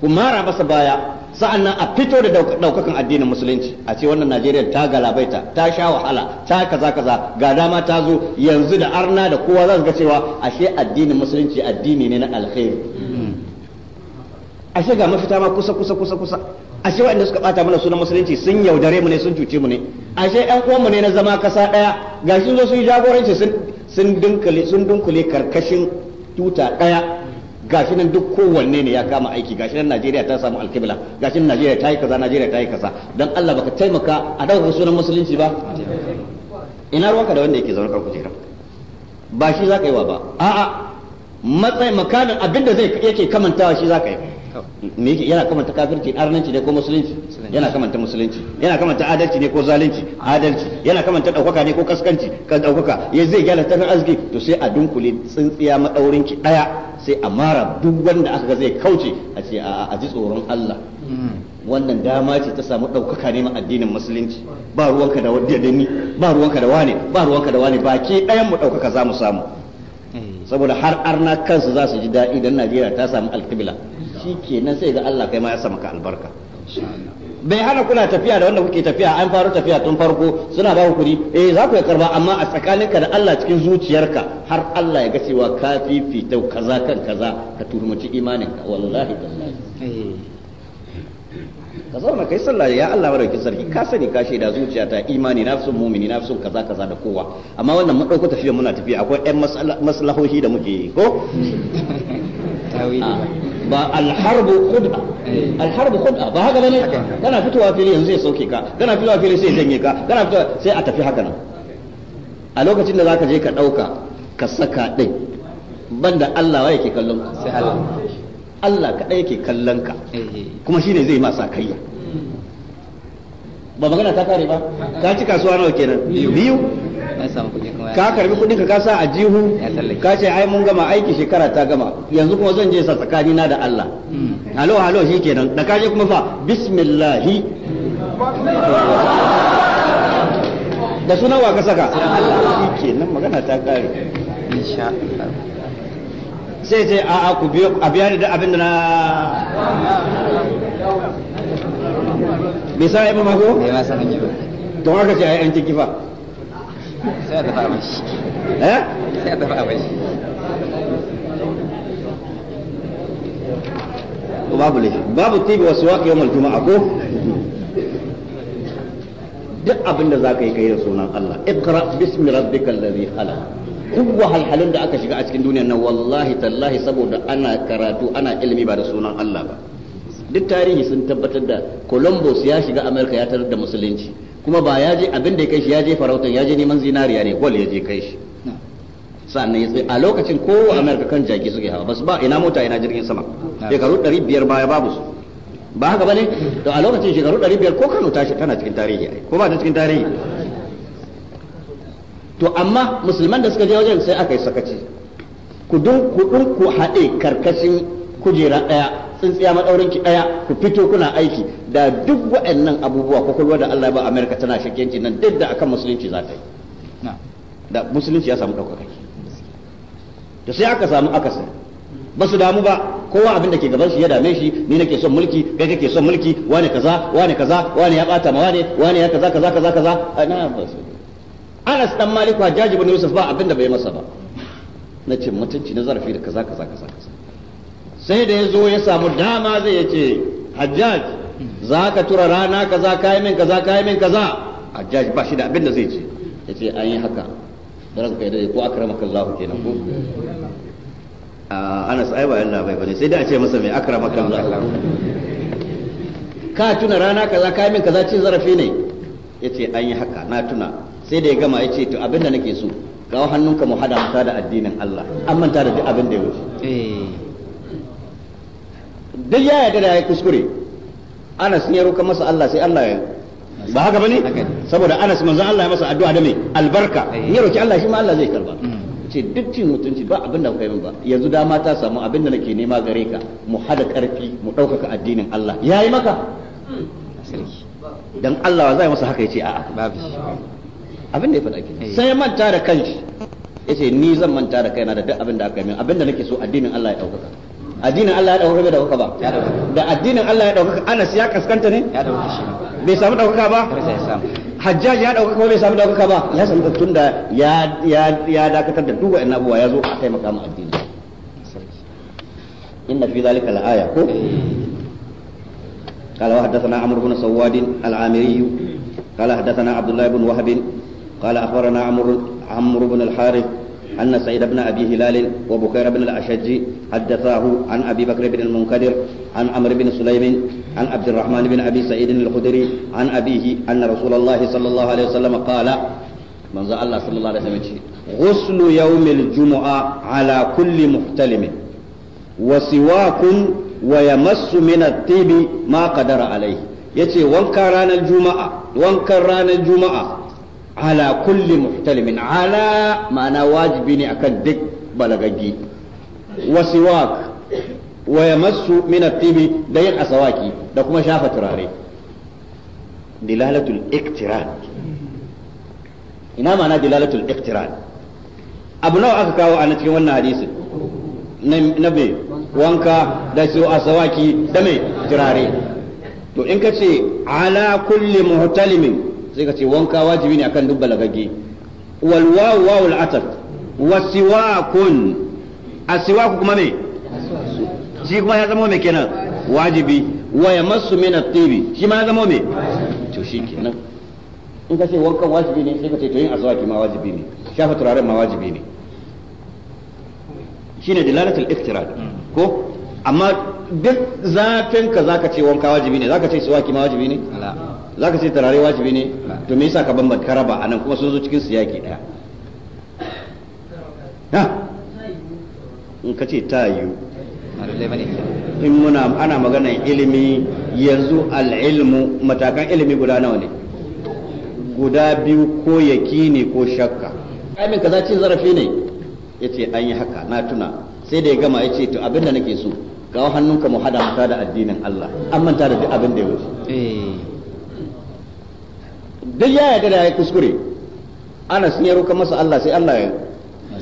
ku mara masa baya sa'annan a fito da ɗaukakan addinin musulunci a ce wannan Najeriya ta galabaita ta sha wahala ta kaza kaza ga dama ta zo yanzu da arna da kowa za su ga cewa ashe addinin musulunci addini ne na alkhairi hmm. ashe ga mafita ma kusa kusa kusa kusa ashe waɗanda suka bata mana sunan musulunci sun yaudare mu ne sun cuce mu ne ashe ɗan uwanmu ne na zama kasa ɗaya ga shi zo sun yi jagoranci sun sun dunkule sun dunkule karkashin tuta ɗaya shi nan duk kowanne ne ya kama aiki shi nan Najeriya ta samu alkibla shi nan Najeriya ta yi kaza Najeriya ta yi kaza dan Allah baka taimaka a dauka sunan musulunci ba ina ruwanka da wanda yake zaune kan kujera ba shi zaka yi wa ba a'a matsayin makanin abinda zai yake kamantawa shi zaka yi me yake yana kamanta kafirci arnanci ne ko musulunci yana kamanta musulunci yana kamanta adalci ne ko zalunci adalci yana kamanta daukaka ne ko kaskanci ka daukaka ya zai gyara tattalin arziki to sai a dunkule tsintsiya madaurin ki daya sai a mara duk wanda aka ga zai kauce a ce a ji tsoron Allah hmm. wannan dama ce ta samu ɗaukaka ne ma addinin musulunci ba ruwanka da wadda da ni ba ruwanka da wane ba ruwanka da wane baki ɗayan mu ɗaukaka za mu samu eh. saboda har arna kansu za su ji daɗi don najeriya ta samu alkibla shi nan sai ga Allah kai ma ya sa maka albarka bai hana kuna tafiya da wanda kuke tafiya an faru tafiya tun farko suna ba ku kuɗi eh za ku karba amma a tsakaninka da Allah cikin zuciyarka har Allah ya ga cewa ka fifita kaza kan kaza ka tuhumci imaninka wallahi tallahi ka zauna kai sallah ya Allah madauki sarki ka sani ka shaida zuciya ta imani na son mumini na son kaza kaza da kowa amma wannan mun dauko tafiya muna tafiya akwai ɗan maslahohi da muke yi ko [LAUGHS] ba alharbu khud'a eh. alharbu khud'a ba haka bane kana fitowa fili yanzu zai sauke ka kana fitowa fili sai janye ka kana fitowa sai a tafi haka nan a lokacin da zaka je ka dauka ka saka dai banda Allah wa yake kallon ka sai Allah Allah kadai yake kallon ka eh. kuma shine zai ma sakayya ba magana ta kare ba ka ci kasuwa nawa kenan biyu ka karbi kudin ka sa a jihu ka ce ai mun gama aiki shekara ta gama yanzu kuma zan je sa tsakani na da Allah hmm. halo halo kenan da kaje kuma fa bismillah da suna wa ka saka kenan magana ta kare insha Allah sai sai a a ku biyo a biya ni da abin da na bai sa ya ba mako? bai ma sa ba. To haka ce a yi ci kifa. sai dafa mashi eh sai dafa mashi babu laifi babu tibi wasu waƙi yawon juma'a ko duk abin da za ka yi kai da sunan Allah iqra bismi rabbikal ladhi khalaq duk halhalin da aka shiga a cikin duniya na wallahi tallahi saboda ana karatu ana ilimi ba da sunan Allah ba duk tarihi sun tabbatar da Columbus ya shiga America ya tarar da musulunci kuma ba ya je abin da ya kai shi ya je farauta ya je neman zinariya ne gwal ya je kai shi sannan ya tsaye a lokacin ko amerika kan jaki suke hawa basu ba ina mota ina jirgin sama shekaru 500 baya babu su ba haka ba ne? to a lokacin shekaru 500 ko kano tashi tana cikin tarihi ko ba ta cikin tarihi to amma musulman da suka je wajen sai aka yi sakaci ku dun ku haɗe karkashin kujera ɗaya tsintsiya maɗaurin ki ɗaya ku fito kuna aiki da duk waɗannan abubuwa ko kwakwalwa da Allah ba Amerika tana shakkenci nan duk da akan musulunci za ta yi da musulunci ya samu ɗaukaka to sai aka samu akasa ba su damu ba kowa abin da ke gaban shi ya dame shi ni nake son mulki kai kake son mulki wane kaza wane kaza wane ya bata ma wane wane ya kaza kaza kaza kaza ana ba su Anas dan Malik Hajjaji bin Yusuf ba abin da bai masa ba na mutunci na zarafi da kaza kaza kaza kaza sai da ya zo ya samu dama zai ya ce hajjaj za ka tura rana kaza kayi min kaza kayi min kaza hajjaj ba shi da abin da zai ce ya ce an yi haka da ranka ya dade ko akramaka Allah kenan ko Anas sa'ai bayan labai bai bane sai da a ce masa mai akramaka Allah ka tuna rana kaza kayi min kaza cin zarafi ne ya ce an yi haka na tuna sai da ya gama ya ce to abin da nake so kawo hannunka mu hada mata da addinin Allah an manta da duk abin da ya wuce eh. duk ya yarda da ya kuskure Anas ya roƙa masa Allah sai Allah ya ba haka bane saboda Anas manzon Allah ya masa addu'a da mai albarka eh. ya roki Allah shi ma Allah zai karba mm. ce duk cin mutunci ba abin da kai min ba yanzu dama ta samu abin da nake nema gare ka mu hada karfi mu ɗaukaka addinin Allah yayi maka dan Allah zai masa haka yace a'a babu abin da ya faɗa ke, eh. sai manta da kanshi yace ni zan manta da kaina da duk abin da aka yi min abin da nake so addinin Allah ya ɗaukaka addinin Allah ya dauka bai dauka ba da addinin Allah ya dauka Anas ya kaskanta ne ya dauka shi bai samu dauka ba hajjaji ya dauka bai samu dauka ba ya samu da ya ya ya dakatar da duk wa'annan abubuwa ya zo a taimaka mu addini inna fi zalika la'aya ko قال وحدثنا عمرو بن سواد العامري قال حدثنا عبد الله بن وهب قال اخبرنا عمرو عمرو بن الحارث أن سعيد بن أبي هلال وبكير بن الأشج حدثاه عن أبي بكر بن المنكدر عن عمرو بن سليم عن عبد الرحمن بن أبي سعيد الخدري عن أبيه أن رسول الله صلى الله عليه وسلم قال من زال الله صلى الله عليه وسلم غسل يوم الجمعة على كل محتلم وسواك ويمس من الطيب ما قدر عليه yace wanka ranar juma'a wankan ranar juma'a ala kulli muhtalimin ala ma'ana wajibi ne akan duk balagaggi wasiwak wa yamassu min at-tibi da yin asawaki da kuma shafa turare dilalatul iqtiran ina ma'ana dilalatul iqtiran abu nawa aka kawo a cikin wannan hadisi na me wanka da su asawaki da me turare to in ka ce ala kulli muhtalimin sai ka ce wanka wajibi ne akan duk balagagge wal wawu wawul ataf wasiwakun asiwaku kuma me shi kuma ya zama me kenan wajibi wa masu min at-tibi shi ma ya zama me to shi kenan in ka ce wanka wajibi ne sai ka ce to yin aswaki ma wajibi ne shafa turaren ma wajibi ne shine dilalatul iktirad ko amma duk zafin ka zaka ce wanka wajibi ne zaka ce siwaki ma wajibi ne zaka ce turare wajibi ne to me yasa ka bambanta karaba anan kuma sun zo cikin siyaki daya ha in ka ce ta yiwu in muna ana maganar ilimi yanzu al'ilmu matakan ilimi guda nawa ne guda biyu ko ne ko shakka aimin kaza cin zarafi ne ya ce an yi haka na tuna sai da ya gama ya ce to abinda nake so ga hannunka mu hada mata da addinin Allah an manta da duk abin da ya wuce eh. duk ya yarda da ya kuskure Anas ne roƙa masa Allah sai Allah ya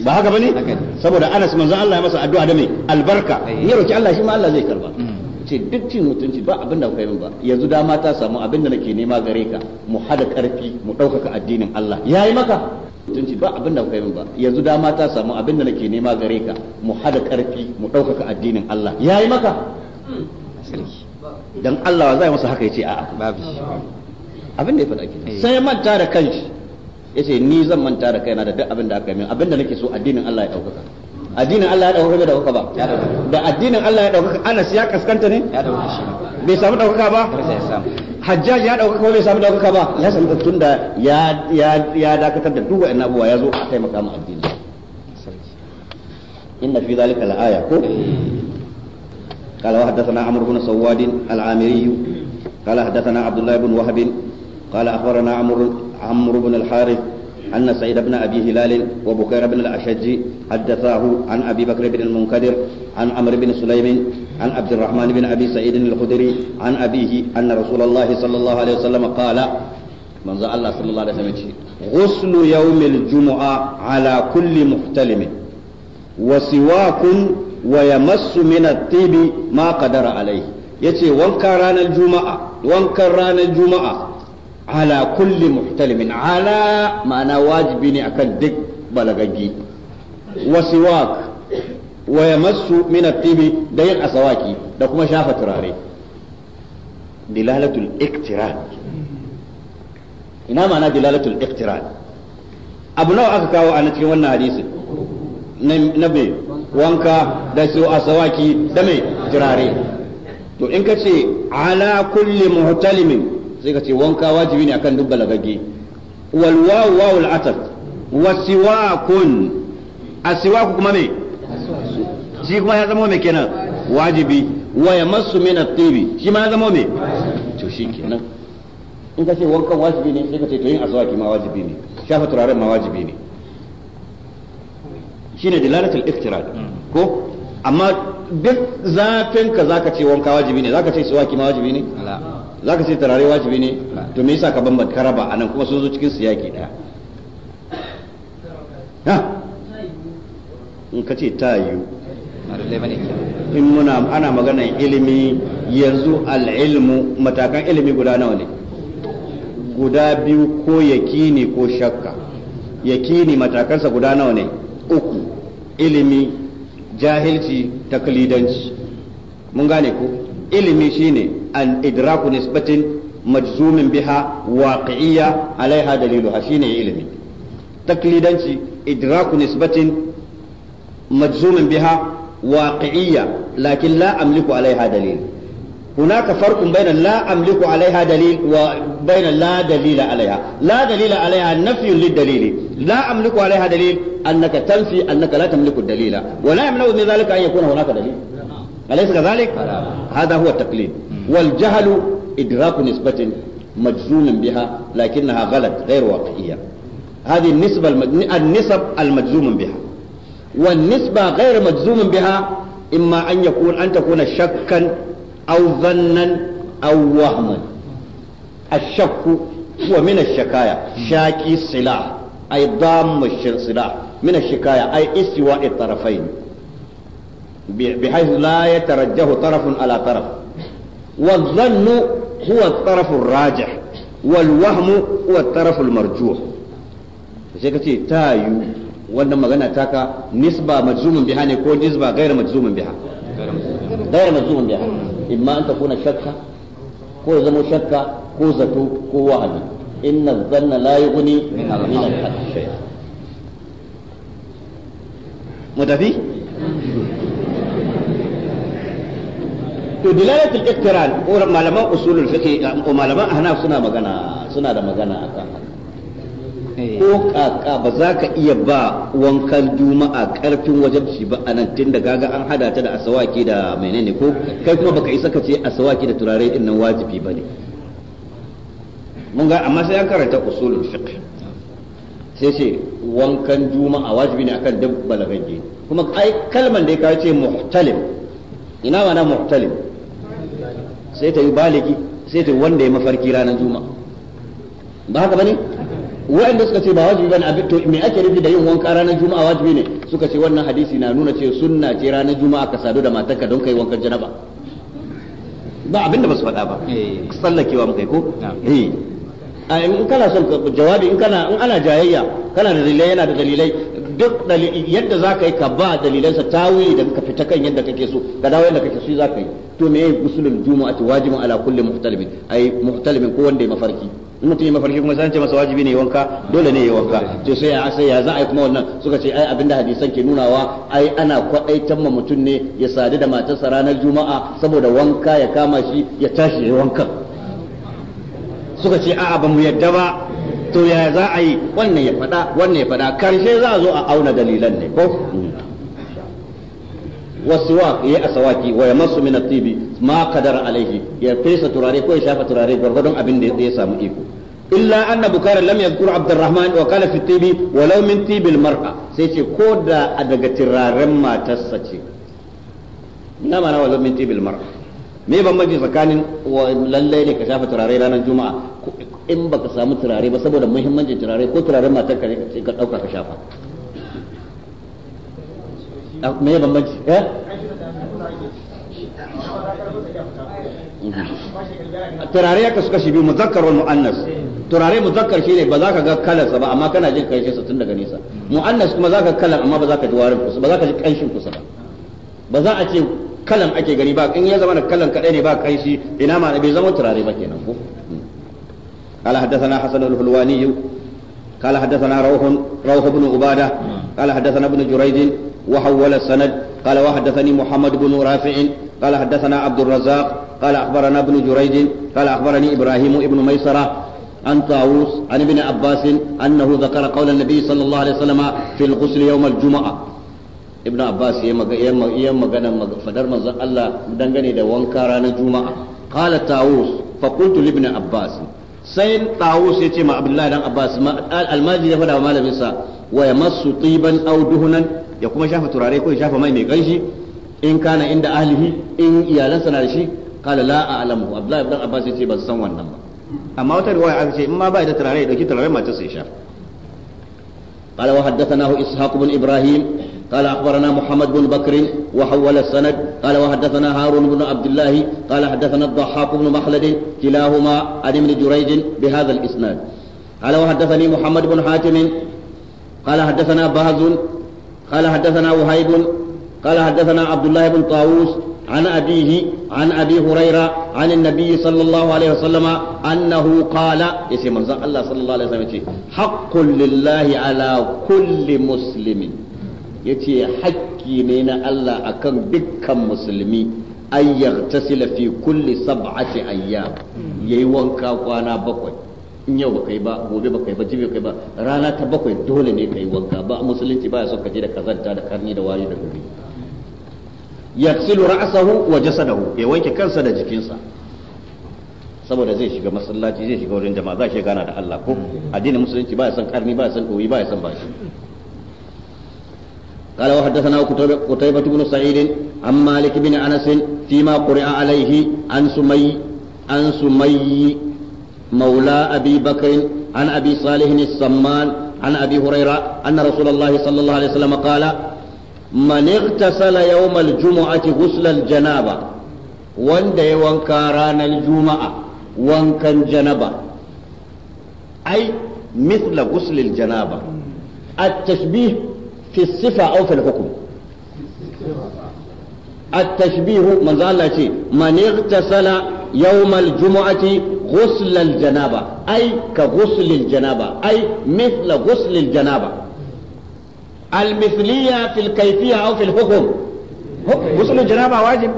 ba haka bane saboda Anas manzon Allah ya masa addu'a da mai albarka eh. ya roƙi Allah shi ma Allah zai karba mm. ce duk cin mutunci ba abin da kai min ba yanzu ma ta samu abin da nake nema gare ka mu hada karfi mu ɗaukaka addinin Allah yayi maka mutunci ba abin da kai min ba yanzu ma ta samu abin da nake nema gare ka mu hada karfi mu ɗaukaka addinin Allah yayi maka dan Allah wa zai masa haka yace a'a babu abin da ya faɗa kenan sai ya manta da kanshi yace ni zan manta da kaina da duk abin da aka yi min abin da nake so addinin Allah ya ɗaukaka addinin Allah ya ɗaukaka da ɗaukaka ba da addinin Allah ya ɗaukaka Anas ya kaskanta ne ya ɗaukaka shi bai samu ɗaukaka ba Hajjaji ya ɗaukaka ko bai samu ɗaukaka ba ya samu tun da ya ya dakatar da duk wa'annan abuwa ya zo a taimaka mu addini inna fi ذلك la'aya ko قال وحدثنا عمرو بن سواد العامري قال حدثنا عبد الله بن وهب قال أخبرنا عمرو عمرو بن الحارث أن سعيد بن أبي هلال وبكير بن الأشج حدثاه عن أبي بكر بن المنكدر عن عمرو بن سليم عن عبد الرحمن بن أبي سعيد الخدري عن أبيه أن رسول الله صلى الله عليه وسلم قال من الله صلى الله عليه وسلم غسل يوم الجمعة على كل محتلم وسواك ويمس من الطيب ما قدر عليه yace wanka ranar juma'a wankan ranar juma'a ala kulli muhtalimin ala ma'ana wajibi ne akan duk balagaggi wasiwak wa yamassu min at da yin asawaki da kuma shafa turare dilalatul iktiran ina ma'ana dilalatul iktiran abu nawa aka kawo a cikin wannan hadisi na me wanka da su asawaki mai turare to in ka ce ala kulli sai ka ce wanka wajibi ne akan duk balagagge wal wawu wawul atar wasiwakun asiwaku kuma me shi kuma ya zama me kenan wajibi wa yamassu min at-tibi shi ma ya zama me to shi kenan in ka ce wankan wajibi ne sai ka ce to yin aswaki ma wajibi ne shafa turaren ma wajibi ne shine dilalatul iqtirad ko amma duk zafin ka zaka ce wanka wajibi ne zaka ce siwaki ma wajibi ne zaka ce turare wajibi ne to me yasa ka bambanta ka raba anan kuma sun zo cikin siyaki daya ha in ka ce ta yi in muna ana magana ilimi yanzu al'ilmu matakan ilimi guda nawa ne guda biyu ko yakini ko shakka yakini matakansa guda nawa ne uku ilimi jahilci taklidanci mun gane ko ilimi shine al idraku nisbatin majzumin biha waqi'iyya alaiha ha shine ilimi taklidanci idraku nisbatin majzumin biha waqi'iyya lakin la amliku alaiha dalil هناك فرق بين لا أملك عليها دليل وبين لا دليل عليها لا دليل عليها نفي للدليل لا أملك عليها دليل أنك تنفي أنك لا تملك الدليل ولا يمنع من ذلك أن يكون هناك دليل أليس كذلك؟ هذا هو التقليد والجهل إدراك نسبة مجزوم بها لكنها غلط غير واقعية هذه النسبة النسب المجزوم بها والنسبة غير مجزوم بها إما أن يكون أن تكون شكا أو ظنا أو وهما الشك هو من الشكاية شاكي السلاح أي ضام السلاح من الشكاية أي استواء الطرفين بحيث لا يترجه طرف على طرف والظن هو الطرف الراجح والوهم هو الطرف المرجوح زي كتي تايو وانا ما غنى تاكا نسبة مجزوم بها نكون يعني نسبة غير مجزوم بها غير مجزوم بها إما أن تكون شكا كو زمو شكا كو زتو كو وهم إن الظن لا يغني من الحق الشيء متفي؟ to dilalatul iqtiran ko malaman usulul fiqh ko malaman ahnaf suna magana suna da magana akan ko kaka ba za ka iya ba wankan juma'a karfin shi ba a nan tun da gaga an hada ta da asawaki da menene ko kai kuma baka isa ka ce asawaki da turare din nan wajibi ba ne mun ga amma sai an karanta usulul fiqh sai ce wankan juma'a wajibi ne akan duk kuma kuma kalman da ya kawo ce muhtalim ina ma na muhtalim sai ta yi baliki, sai ta yi wanda ya mafarki ranar juma ba haka bane wanda suka ce ba wajibi bane abin to me ake nufi da yin wanka ranar juma'a wajibi ne suka ce wannan hadisi na nuna ce sunna ce ranar juma'a ka sadu da matarka don kai wankan janaba ba abin da ba su faɗa ba eh. tsallakewa mu kai ko eh in kana son jawabi in kana in ana jayayya kana da dalilai yana da dalilai duk yadda za ka yi ka ba dalilansa ta wuri da ka fita kan yadda kake so ka dawo yadda kake so za ka yi to me yayi juma'a ta wajibi ala kulli muhtalimin ai muhtalimin ko wanda ya mafarki in mutum ya mafarki kuma sai ce masa wajibi ne wanka dole ne ya wanka to sai ya sai ya za a yi kuma wannan suka ce ai abinda hadisan ke nunawa ai ana kwadaitan ma mutum ne ya sadu da matarsa ranar juma'a saboda wanka ya kama shi ya tashi ya wanka suka ce a'a ba mu yadda ba to ya za a yi wannan ya faɗa wannan ya faɗa karshe za a zo a auna dalilan ne ko wa ya asawaki wa yamassu min at-tibi ma qadara alayhi ya fesa turare ko ya shafa turare gwargwadon abin da ya samu iko illa anna bukari lam yadhkur abdurrahman wa qala fi tibi walau tibil mar'a sai ce ko da daga turaren matarsa ce na mana tibil mar'a me bambanci tsakanin lallai ne ka shafa turare ranar juma'a in baka samu turare ba saboda muhimmancin turare ko turaren matar ka ne ka dauka ka shafa ah, me bambanci eh? turare ya kasu kashi biyu muzakkar wa muannas turare muzakkar shine ba za ka ga kalarsa ba amma kana jin kanshin sa tun daga nesa muannas kuma za ka kalar amma ba za ka ji warin kusa ba za ka ji kanshin kusa ba ba za a ce kalan ake gani ba in ya zama da kalan kadai ne ba kai shi ina ma bai zama turare ba kenan ko قال حدثنا حسن الحلواني قال حدثنا روح روح بن عباده قال حدثنا ابن جريج وحول السند قال وحدثني محمد بن رافع قال حدثنا عبد الرزاق قال اخبرنا ابن جريج قال اخبرني ابراهيم ابن ميسره عن طاووس عن ابن عباس انه ذكر قول النبي صلى الله عليه وسلم في الغسل يوم الجمعه ibnu abbas ya magana magana fadar manzon Allah dangane da wanka ranar juma'a qala tawus fa qultu li ibn abbas sai tawus ya ce ma abdullahi dan abbas almaji ya fada wa malamin sa wa yamassu tiban aw duhunan ya kuma shafa turare ko ya shafa mai mai kanshi in kana inda ahlihi in iyalansa na shi qala la a'lamu abdullahi dan abbas ya ce ban san wannan ba amma wata riwaya aka ce in ma ba da turare ya dauki turaren matarsa ya sha قال وحدثناه إسحاق بن إبراهيم قال أخبرنا محمد بن بكر وحول السند قال وحدثنا هارون بن عبد الله قال حدثنا الضحاك بن مخلد كلاهما عن ابن جريج بهذا الإسناد قال وحدثني محمد بن حاتم قال حدثنا بهز قال حدثنا وهيب قال حدثنا عبد الله بن طاووس عن أبيه عن أبي هريرة عن النبي صلى الله عليه وسلم أنه قال اسم الله صلى الله عليه وسلم حق لله على كل مسلم ya ce haƙƙi ne na Allah a kan dukkan musulmi an ta fi kulli sab'ati ya yi wanka kwana bakwai in yau ba kai ba gobe ba kai ba jibi ba kai ba rana ta bakwai dole ne ka yi wanka ba musulunci baya son ka je da kazanta da karni da wari da gobe yaksilu ra'asahu wa jasadahu ya wanke kansa da jikinsa saboda zai shiga masallaci zai shiga wurin jama'a za shi gana da Allah ko addinin musulunci ba ya son karni ba ya son ba ya son bashi قال وحدثنا قتيبة بن سعيد عن مالك بن أنس فيما قرئ عليه عن سمي عن سمي مولى أبي بكر عن أبي صالح السمان عن أبي هريرة أن رسول الله صلى الله عليه وسلم قال من اغتسل يوم الجمعة غسل الجنابة wanda ya wanka ranar juma'a wankan janaba ai mithla guslil janaba at-tashbih fi sifa aw fil hukm التشبيه من ذا الله شيء من اغتسل يوم الجمعة غسل الجنابة أي كغسل الجنابة أي مثل غسل الجنابة المثلية في الكيفية أو في الحكم غسل الجنابة واجب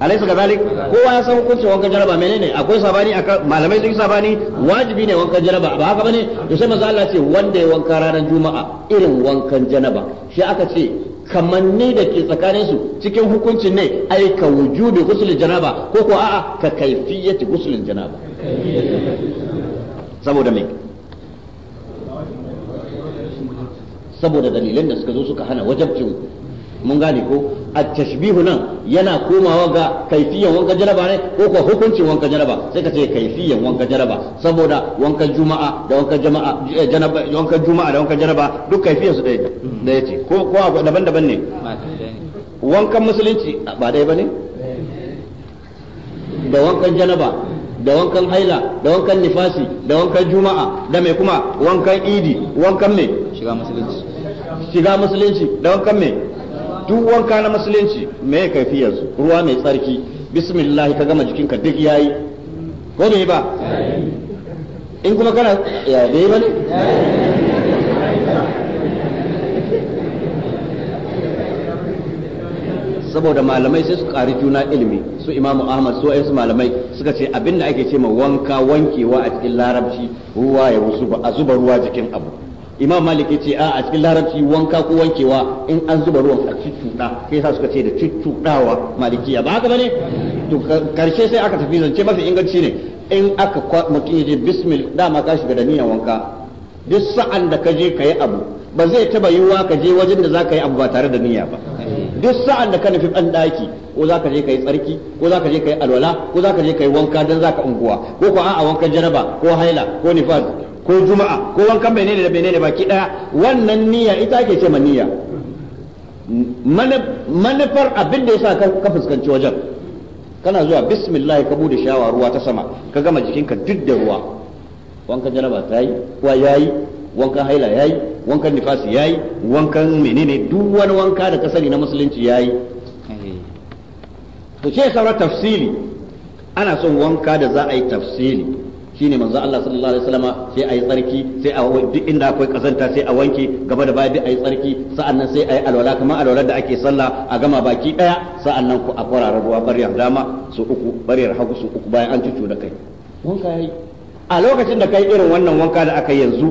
alaisa ga zalik kowa ya san hukuncin wankan jaraba menene akwai sabani aka malamai sun sabani wajibi ne wankan jaraba ba haka bane to sai manzo Allah ce wanda ya wanka ranar juma'a irin wankan janaba shi aka ce kamanni da ke tsakanin su cikin hukuncin ne ai ka wujudu ghusl janaba ko ko a'a ka kaifiyati ghusl janaba saboda me saboda dalilan da suka zo suka hana wajabcin mun gane ko a tashbihu nan yana komawa ga kaifiyan wanka jaraba ne ko kuwa hukuncin wanka jaraba sai ka ce kaifiyan wanka jaraba saboda wanka juma'a da wanka jama'a eh, wanka juma'a da wanka jaraba duk kaifiyan su dai da yace ko ko daban-daban ne wankan musulunci ba dai bane da wankan janaba da wankan haila da wankan nifasi da wankan juma'a da mai kuma wankan idi wankan me shiga musulunci shiga musulunci da wankan me duk wanka na musulunci me yanzu ruwa mai tsarki bismillah ka gama jikinka duk yayi ko bai ba in kuma kana ya dai ba ne saboda malamai sai su ƙari juna ilimi su imamu ahmad su su malamai suka ce abinda ake ce ma wanka wankewa a cikin larabci ruwa ya wasu ba a zuba ruwa jikin abu imam malik yace a a cikin larabci wanka ko wankewa in an zuba ruwan a cuccuɗa sai sa suka ce da cuccuɗawa malikiya ba haka bane to karshe sai aka tafi zance mafi inganci ne in aka mutum yaje bismillah dama ka shiga da niyyar wanka duk sa'an da ka je ka yi abu ba zai taba yiwuwa ka je wajen da za ka yi abu ba tare da niyya ba duk sa'an da ka nufi ɗan ɗaki ko za ka je ka yi tsarki ko za ka je ka yi alwala ko za ka je ka yi wanka don za ka unguwa ko ko a'a wankan jaraba ko haila ko nifas ko juma'a ko wankan menene da menene baki daya wannan niyya ita ake ce ma niyya manufar abin da ya sa ka fuskanci wajen kana zuwa bismillah ka bude shawa ruwa ta sama ka gama jikinka duk da ruwa wankan janaba ta yi kuwa yi. wankan haila ya yi. wankan nifasi yi. wankan menene duk wani wanka da sani na musulunci ya yayi to ce sauran tafsili ana son wanka da za a yi tafsili shine manzo Allah sallallahu alaihi wasallama sai ayi tsarki sai a duk inda akwai kazanta sai a wanke gaba da baya duk ayi tsarki sa'annan sai ayi alwala kamar alwalar da ake sallah a gama baki daya sa'annan ku a kwararar ruwa bariyar dama su uku bariyar hagu su uku bayan an cucu da kai wanka yayi a lokacin da kai irin wannan wanka da aka yanzu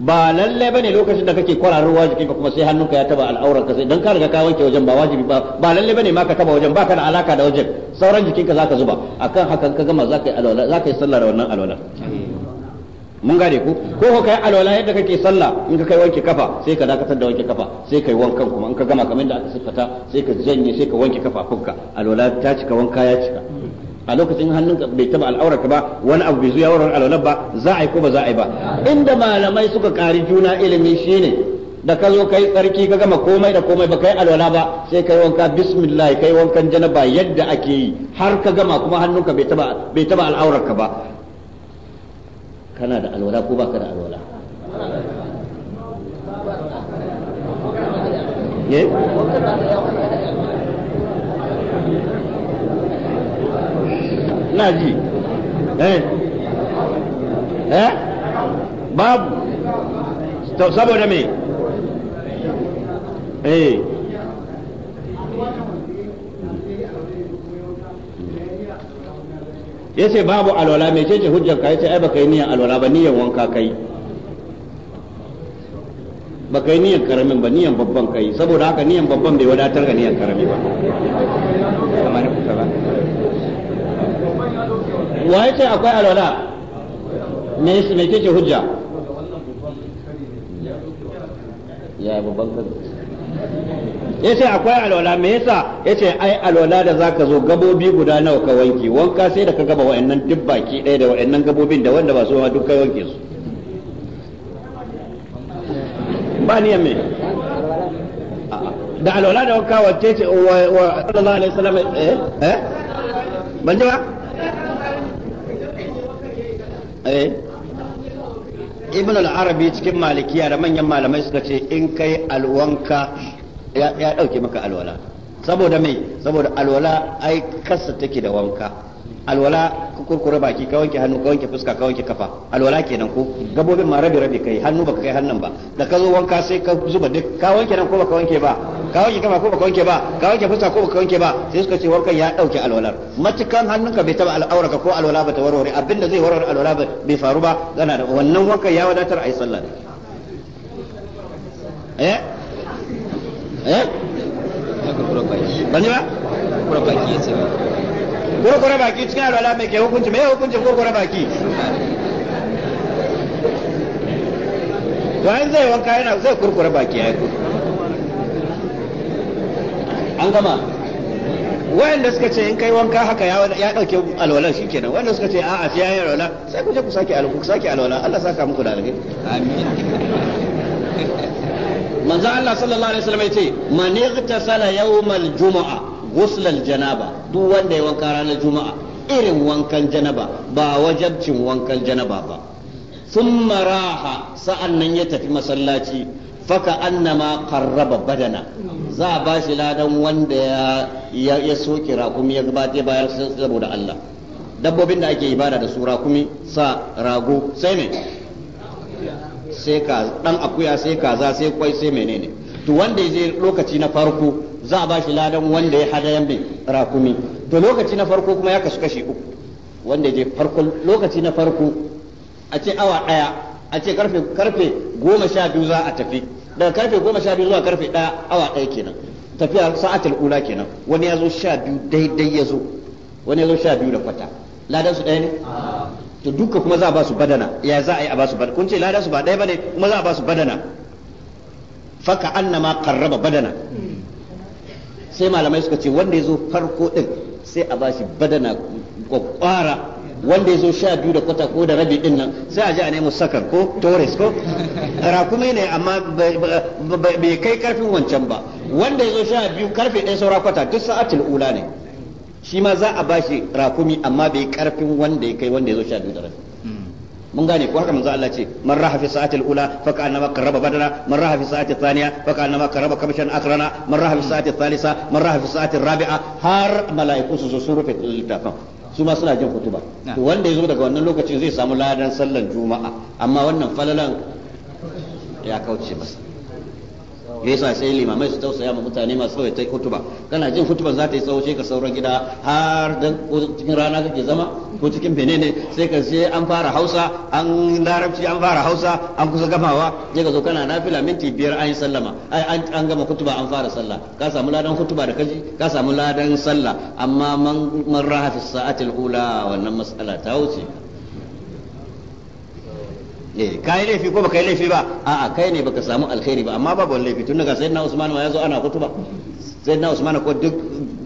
ba lalle bane lokacin da kake kwararowa jikinka kuma sai hannunka ya taba al'auran ka sai dan ka riga ka wanke wajen ba wajibi ba ba lalle bane ma ka taba wajen ba ka da alaka da wajen sauran ka zaka zuba akan hakan ka gama zaka yi alwala zaka yi sallah da wannan alwala mun gane ku ko ko kai alwala yadda kake sallah in ka kai wanke kafa sai ka dakatar da wanke kafa sai kai wankan kuma in ka gama kamar da aka siffata sai ka janye sai ka wanke kafafunka alwala ta cika wanka ya cika a lokacin hannunka bai taba al'aurarka ba wani abu bai zuya wurin alwalar ba za a yi ko ba za a yi ba inda malamai suka kari juna ilimi shine da ka zo kai tsarki ka gama komai da komai ba kai alwala ba sai kai wanka bismillah kai wankan janaba yadda ake yi har ka gama kuma hannunka bai taba bai taba al'aurarka ba kana da alwala ko ka da alwala eh? na ji eh eh babu to saboda me eh ce babu alwala mai ce hujjar ka ce ai baka yi niyan alwala ba niyan wanka kai baka yi niyan karamin ba niyan babban kai saboda haka niyan babban bai wadatar ga niyan karami ba kamar ba waye ce akwai alwala me su me kike hujja ya babban ya ce akwai alwala me yasa ya ce ai alwala da za ka zo gabobi guda nawa ka wanke wanka sai da ka gaba wa'annan duk baki ɗaya da wa'annan gabobin da wanda ba su ma duk kai wanke su ba niyan me da alwala da wanka wacce ce wa sallallahu alaihi wasallam eh eh ban ji ba eh ibn al-arabi cikin malikiya da manyan malamai suka ce in kai alwanka ya dauke maka alwala saboda mai saboda alwala ai kasa take da wanka alwala ka kurkure baki ka wanke hannu ka wanke fuska ka wanke kafa alwala kenan ko gabobin ma rabi rabi kai hannu baka kai hannun ba da ka zo wanka sai ka zuba duk ka wanke nan ko baka wanke ba ka wanke kafa ko baka wanke ba ka wanke fuska ko baka wanke ba sai suka ce warkan ya dauke alwalar matukan hannunka bai taba al'auraka ko alwala ba ta warware abinda zai warware alwala bai faru ba gana da wannan wankan ya wadatar ayi sallah eh eh ba ne ba ba kurkure baki cikin alwala mai ke hukunci mai hukuncin kurkure baki to an zai wanka yana zai kurkure baki ya yi an gama wayanda suka ce in kai wanka haka ya dauke alwala shi kenan wayanda suka ce a'a sai yi alwala sai ku je ku sake alwala ku sake alwala Allah saka muku da alheri amin manzo Allah sallallahu alaihi wasallam yace man ightasala yawmal jumu'ah guslal janaba duk wanda ya wanka ranar juma'a irin wankan janaba ba wajabcin wankan janaba ba thumma raha sa'an nan ya tafi masallaci faka annama karraba badana za a ba shi ladan wanda ya soke rakumi ya gabatar bayar saboda Allah dabbobin da ake ibada da su rakumi sa rago sai me ɗan akuya sai kaza sai kwai sai menene to wanda ya je lokaci na farko za a ba shi ladan wanda ya hadayan bin rakumi Da lokaci na farko kuma ya kasu kashi uku wanda je farko lokaci na farko a ce awa daya a ce karfe karfe goma sha biyu za a tafi daga karfe goma sha biyu zuwa karfe daya awa daya kenan tafiya sa'atul ula kenan wani ya zo sha biyu daidai ya zo wani ya zo sha biyu da kwata ladan su ɗaya ne to duka kuma za a ba su badana ya za a yi a ba su badana kun ce ladan su ba ɗaya bane kuma za a ba su badana faka annama qarraba badana sai malamai suka ce wanda ya zo farko din sai a bashi badana kwakwara wanda ya zo sha biyu da kwata ko da rabi din nan sai a ji a nemo sakar ko torres ko rakume ne amma bai kai karfin wancan ba wanda ya zo sha biyu karfe ɗaya saura kwata duk sa'atul ula ne shi ma za a bashi rakumi amma bai karfin wanda ya kai wanda ya zo sha biyu da rabi mun gane ko haka manzo Allah ce man raha fi sa'ati al-ula fa ka'annama qarraba badana man raha fi sa'ati ath-thaniya fa ka'annama mun kabshan akrana man raha fi sa'ati ath man raha fi sa'ati rabia har mala'iku su su rufe littafin su ma suna jin kutuba to wanda ya zo daga wannan lokacin zai samu ladan sallar juma'a amma wannan falalan ya kauce masa ya yasa sai limamai su tausaya ma mutane masu sauya ta kutuba kana jin kutuban za ta yi tsawo ka sauran gida har dan cikin rana kake zama ko cikin bene ne sai ka sai an fara hausa an larabci an fara hausa an kusa gamawa sai ka zo kana nafila minti biyar an yi sallama an gama kutuba an fara sallah ka samu ladan kutuba da kaji ka samu ladan sallah amma man raha sa'atul sa'atil ula wannan mas'ala ta wuce eh kai laifi ko baka yi laifi ba a'a kai ne baka samu alkhairi ba amma babu laifi tun daga sayyidina Usman ma yazo ana kutuba sayyidina Usman ko duk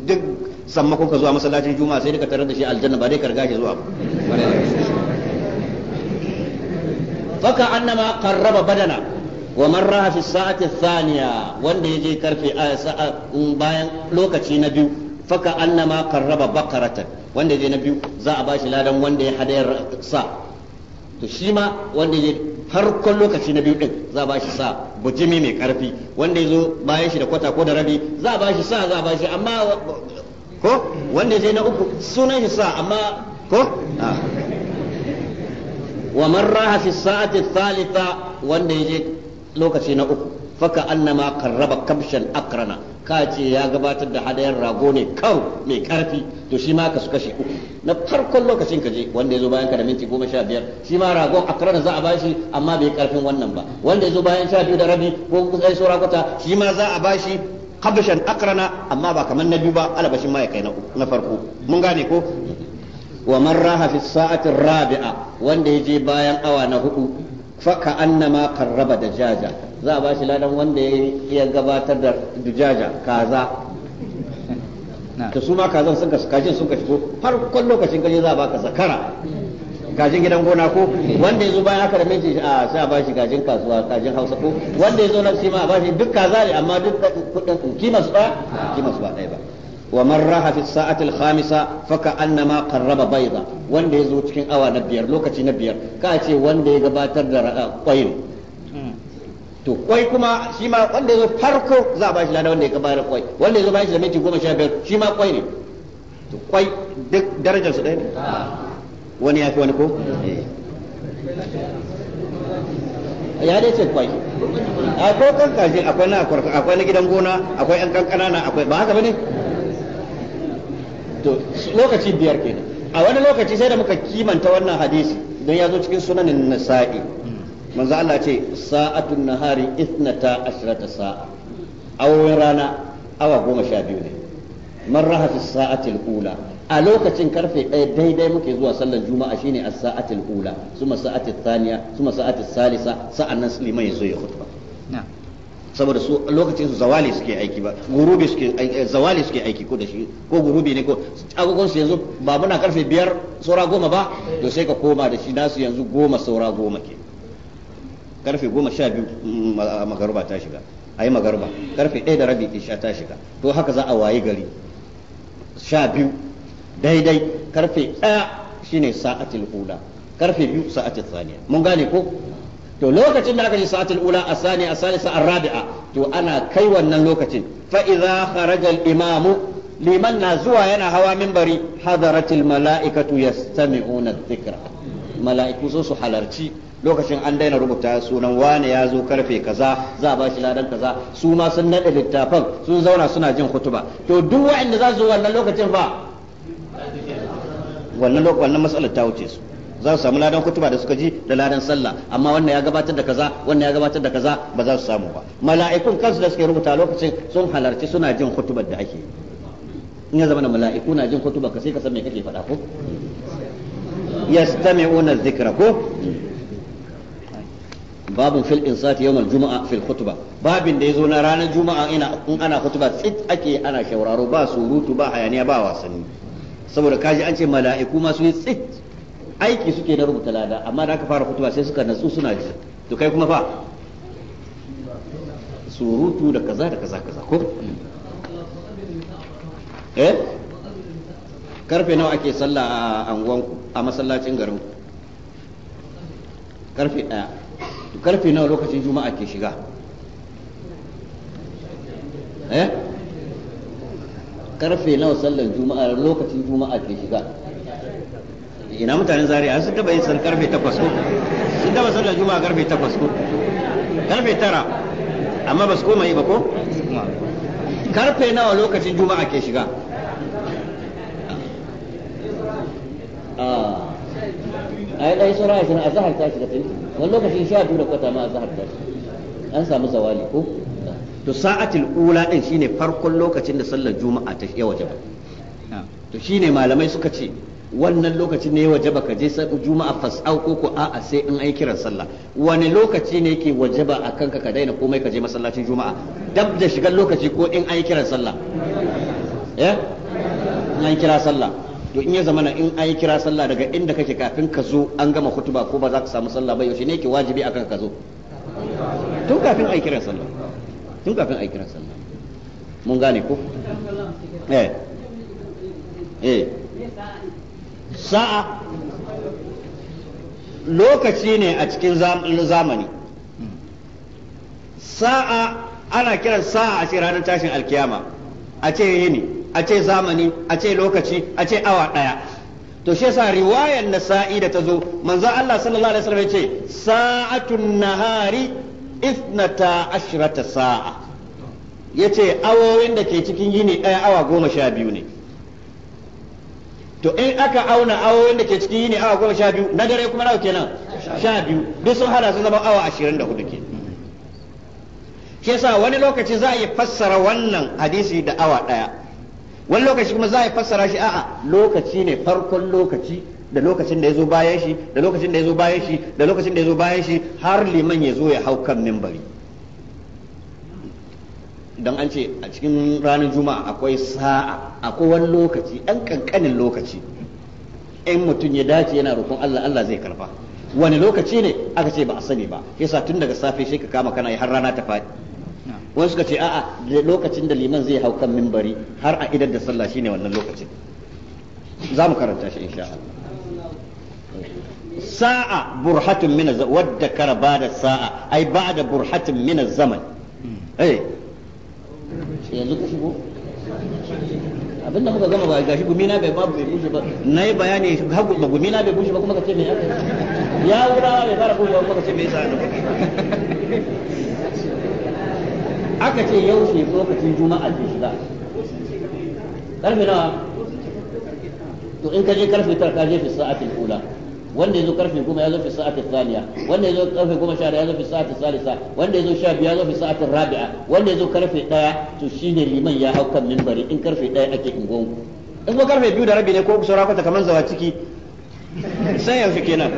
duk sammakon ka zuwa masallacin juma'a sai ka tarar da shi aljanna ba dai ka riga shi zuwa faka annama qarraba badana wa man raha fi sa'ati thaniya wanda yaje karfe sa'a um, bayan lokaci na biyu faka annama qarraba baqaratan wanda yaje na biyu za a bashi ladan wanda ya hadayar sa to shi ma wanda ya farkon lokaci na biyu din za ba shi sa bujimi mai karfi wanda ya zo bayan shi da kwata ko da rabi za ba shi sa za ba shi amma ko wanda ya na uku sunan shi sa amma ko ah. wa man raha fi sa'ati thalitha wanda ya je lokaci na uku faka annama qarraba kabshan akrana ka ce ya gabatar da hadayar rago ne kawo mai karfi to shi ma ka kashe uku na farkon lokacin ka je wanda ya zo bayan ka da minti goma sha biyar shi ma ragon akara za a bashi amma bai karfin wannan ba wanda ya zo bayan sha biyu da rabi ko kusa so shi ma za a bashi habashan akrana amma ba kamar na biyu ba alabashin ma ya kai na farko mun gane ko wa man raha fi sa'ati rabi'a wanda ya je bayan awa na hudu faka annama karraba da jaja za a ba shi ladan wanda ya gabatar da dujaja kaza to su ma kazan sun kasu kajin sun kashi ko farkon lokacin kaje za a baka zakara kajin gidan gona ko wanda ya zo bayan haka da minti a sai a bashi kajin kasuwa gajin hausa ko wanda ya zo na shi ma a bashi duk kaza ne amma duk kudin kima su ba kima su ba ɗaya ba ومن راح في الساعة الخامسة فكأنما قرب بيضة وان يزو تكين أوا نبير لوكتي نبير كأتي وان يغباتر در قوين to kwai kuma shi ma wanda ya farko za a bashi lada wanda ya da kwai wanda ya bashi da minti goma sha biyar shi ma kwai ne to kwai duk darajar su ɗaya ne wani ya fi wani ko ya dai ce kwai akwai kan akwai na akwai na gidan gona akwai yan kankana na akwai ba haka ba ne? to lokaci biyar kenan a wani lokaci sai da muka kimanta wannan hadisi don ya zo cikin sunanin nasa'i manzo Allah ce sa'atun nahari ithnata ashrata sa'a awoyin rana awa goma sha biyu ne man raha fi sa'atil ula a lokacin karfe ɗaya daidai muke zuwa sallar juma'a shine as-sa'atil ula suma sa'atil thaniya suma sa'atil salisa nan liman ya zo ya khutba na'am saboda su lokacin su zawali suke aiki ba gurubi suke eh, zawali suke aiki ko da shi ko gurubi ne ko agogon su yanzu ba muna karfe biyar saura goma ba to sai ka koma da shi nasu yanzu goma saura goma ke karfe goma sha biyu mm, magaruba ta shiga yi magaruba karfe ɗaya da rabi isha ta shiga to haka za a wayi gari sha biyu daidai karfe ɗaya shine sa'atul huda karfe biyu sa'atul thaniya mun gane ko to lokacin da aka ji sa'atul ula asani asalisa rabia to ana kai wannan lokacin fa idza kharaja al imamu liman na zuwa yana hawa minbari hadaratil mala'ikatu yastami'una dhikra mala'iku so su halarci lokacin an daina rubuta sunan wane ya zo karfe kaza za a bashi ladan kaza su ma sun nade littafan sun zauna suna jin kutuba to duk waɗanda za su wannan lokacin ba wannan wannan matsalar ta wuce su za su samu ladan kutuba da suka ji da ladan sallah amma wannan ya gabatar da kaza wannan ya gabatar da kaza ba za su samu ba mala'ikun kansu da suke rubuta lokacin sun halarci suna jin kutubar da ake in ya zama da mala'iku na jin kutuba ka sai ka san me kake faɗa ko yastami'una dhikra ko babun fil insati yawmal juma'a fil khutba babin da yazo na ranar juma'a ina in ana khutba tsit ake ana shauraro ba surutu ba hayaniya ba wasanni saboda kaji an ce mala'iku ma su yi tsit aiki suke na rubuta lada amma da aka fara kutuba sai suka natsu suna ji to kai kuma fa surutu da kaza da kaza kaza ko eh karfe nawa ake sallah a anguwanku a masallacin garin karfe daya to karfe nawa lokacin juma'a ke shiga eh karfe nawa sallar juma'a lokacin juma'a ke shiga ina mutanen zaria sun taba yin san karfe takwas ko sun taba sallar juma'a karfe takwas ko karfe tara amma ba su koma yi ba ko karfe nawa lokacin juma'a ke shiga a ah. yi ɗai sura ashirin a zahar ta shiga tsaye wani lokacin sha biyu da kwata ma a zahar ta shiga an samu zawali ko to sa'atul ula din shine farkon lokacin da sallar juma'a ta yawa ba to shine malamai suka ce wannan lokacin ne wajaba ka je juma'a fasau ko ko a'a sai in ai kiran sallah wani lokaci ne yake wajaba akan ka ka daina komai ka je masallacin juma'a dab da shigar lokaci ko in ai kiran sallah eh in ai kira sallah to in ya zamana in ai kira sallah daga inda kake kafin ka zo an gama hutuba ko ba za ka samu sallah ba yaushe ne yake wajibi akan ka zo tun kafin ai kiran sallah tun kafin ai kiran sallah mun gane ko eh eh sa'a lokaci ne a cikin zamani sa'a ana kiran sa'a a ce ranar tashin alkiyama a ce yini a ce zamani a ce lokaci a ce awa ɗaya to shi yasa riwayar nasa'i da ta zo manzo Allah sallallahu alaihi wasallam ya ce sa'atun nahari ifnata ashrata sa'a yace awowin da ke cikin yini ɗaya awa goma sha biyu ne to in aka auna awo da ke cikin yini awa goma sha biyu na dare kuma nawa kenan sha biyu duk sun hada sun zama awa ashirin da hudu ke shi yasa wani lokaci za a yi fassara wannan hadisi da awa daya wani lokaci kuma za a yi fassara shi a'a lokaci ne farkon lokaci da lokacin da ya zo bayan shi da lokacin da ya zo bayan shi da lokacin da ya zo bayan shi har liman ya zo ya hau kan mimbari don an ce a cikin ranar juma'a akwai sa'a akwai wani lokaci ɗan ƙanƙanin lokaci in mutum ya dace yana roƙon Allah Allah zai karfa wani lokaci ne aka ce ba a sani ba yasa tun daga safe sai ka kama kana har rana ta faɗi wani suka ce a'a lokacin da liman zai hau kan mimbari har a idar da sallah shine wannan lokacin za mu karanta shi insha Allah sa'a burhatun min wadda kara ba da sa'a ai ba da burhatun min zaman eh yanzu ka shigo abinda muka gama ba gashi gumina bai babu bai bushe ba na yi bayani hagu ba gumina bai bushe ba kuma ka ce mai ya wura bai fara bushe kuma ka ce mai sa aka ce yau shi lokacin juma'a ke shiga karfe nawa to in ka je karfe tara ka je fi sa'atin kula wanda yazo karfe 10 yazo fi sa'ati thaniya wanda yazo karfe 11 yazo fi sa'ati salisa wanda yazo 12 yazo fi sa'ati rabi'a wanda yazo karfe 1 to shine liman ya hauka minbari in karfe 1 ake ingon in kuma karfe 2 da rabi ne ko saura kwata kaman zawa ciki sai yanzu kenan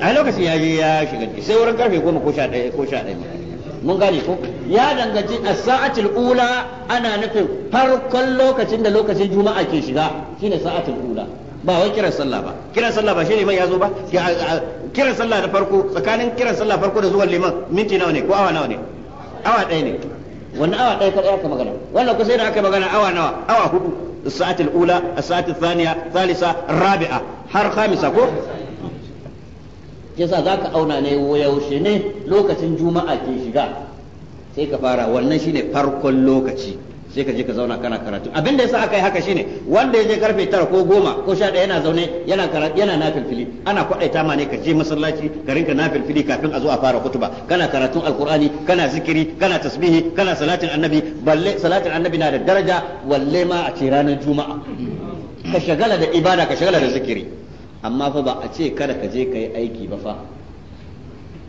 a lokacin ya je ya shiga sai wurin karfe 10 ko 11 ko 11 mun gane ko ya danganci a saatul ula ana nufin farkon lokacin da lokacin juma'a ke shiga shine sa'atul ula ba wai kiran sallah ba kiran sallah ba shi liman ya zo ba kiran sallah da farko tsakanin kiran sallah farko da zuwan liman minti nawa ne ko awa nawa ne awa ɗaya ne wannan awa ɗaya kaɗai aka magana wannan kusa da aka magana awa nawa awa hudu الساعة الأولى الساعة الثانية الثالثة rabi'a har khamisa ko yasa zaka auna ne yaushe ne lokacin juma'a ke shiga sai ka fara wannan shine farkon lokaci sai ka je ka zauna kana karatu abin da yasa aka yi haka shine wanda ya je karfe tara ko goma ko sha yana zaune yana karatu yana nafilfili ana kwadaita ma ne ka je masallaci ka rinka nafilfili kafin a zo a fara kutuba kana karatun alqur'ani kana zikiri kana tasbihi kana salatin annabi balle salatin annabi na da daraja walle ma a ce ranar juma'a ka shagala da ibada ka shagala da zikiri amma fa ba a ce kada ka je ka yi aiki ba fa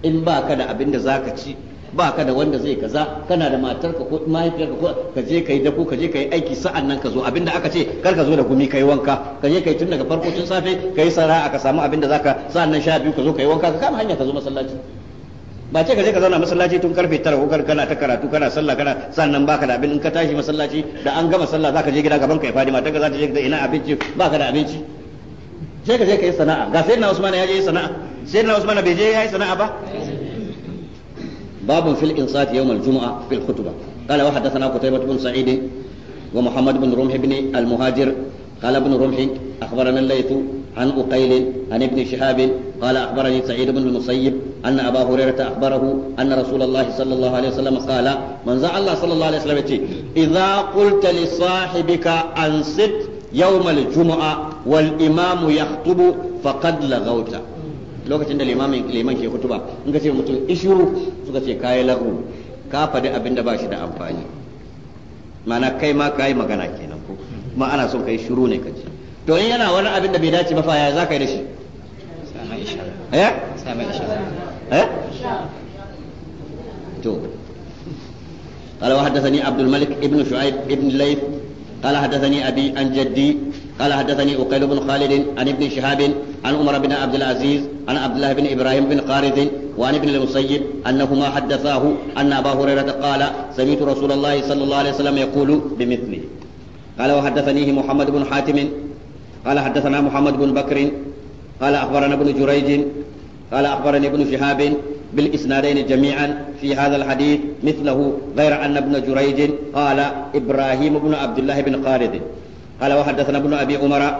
in ba ka da abin da zaka ci ba ka da wanda zai kaza kana da matar ka ko mahaifiyarka ko ka je kai dako ka je kai aiki sa'an nan ka zo abinda aka ce kar ka zo da gumi kai wanka ka je kai tun daga farko tun safe kai sana'a ka samu abinda zaka sa'an nan sha biyu ka zo kai wanka ka kama hanya ka zo masallaci ba ce ka je ka zauna masallaci tun karfe tara ko kana ta karatu kana sallah kana sannan baka da abin in ka tashi masallaci da an gama sallah zaka je gida gaban ka ya fadi mata ka za ta je da ina abinci baka da abinci sai ka je ka yi sana'a ga sayyidina Usman ya je yi sana'a sayyidina Usman bai je ya yi sana'a ba باب في الإنصات يوم الجمعة في الخطبة قال وحدثنا قتيبة بن سعيد ومحمد بن رمح بن المهاجر قال ابن رمح أخبرنا الليث عن أقيل عن ابن شهاب قال أخبرني سعيد بن المسيب أن أبا هريرة أخبره أن رسول الله صلى الله عليه وسلم قال من زع الله صلى الله عليه وسلم إذا قلت لصاحبك أنصت يوم الجمعة والإمام يخطب فقد لغوت lokacin da limamin liman ke kutuba in ka ce mutum ishuru suka ce kayi lagu ka faɗi abin da ba shi da amfani ma'ana kai ma kayi magana kenan ko ma ana son kai shiru ne ka ce to in yana wani abin da bai dace ba fa ya za ka yi da shi eh? eh? to قال وحدثني عبد الملك ابن شعيب ابن ليث قال حدثني ابي عن جدي قال حدثني أقيل بن خالد عن ابن شهاب عن عمر بن عبد العزيز عن عبد الله بن إبراهيم بن خالد وعن ابن المسيب أنهما حدثاه أن أبا هريرة قال سمعت رسول الله صلى الله عليه وسلم يقول بمثله قال وحدثنيه محمد بن حاتم قال حدثنا محمد بن بكر قال أخبرنا ابن جريج قال أخبرني ابن شهاب بالإسنادين جميعا في هذا الحديث مثله غير أن ابن جريج قال إبراهيم بن عبد الله بن قارد قال وحدثنا ابن أبي عمر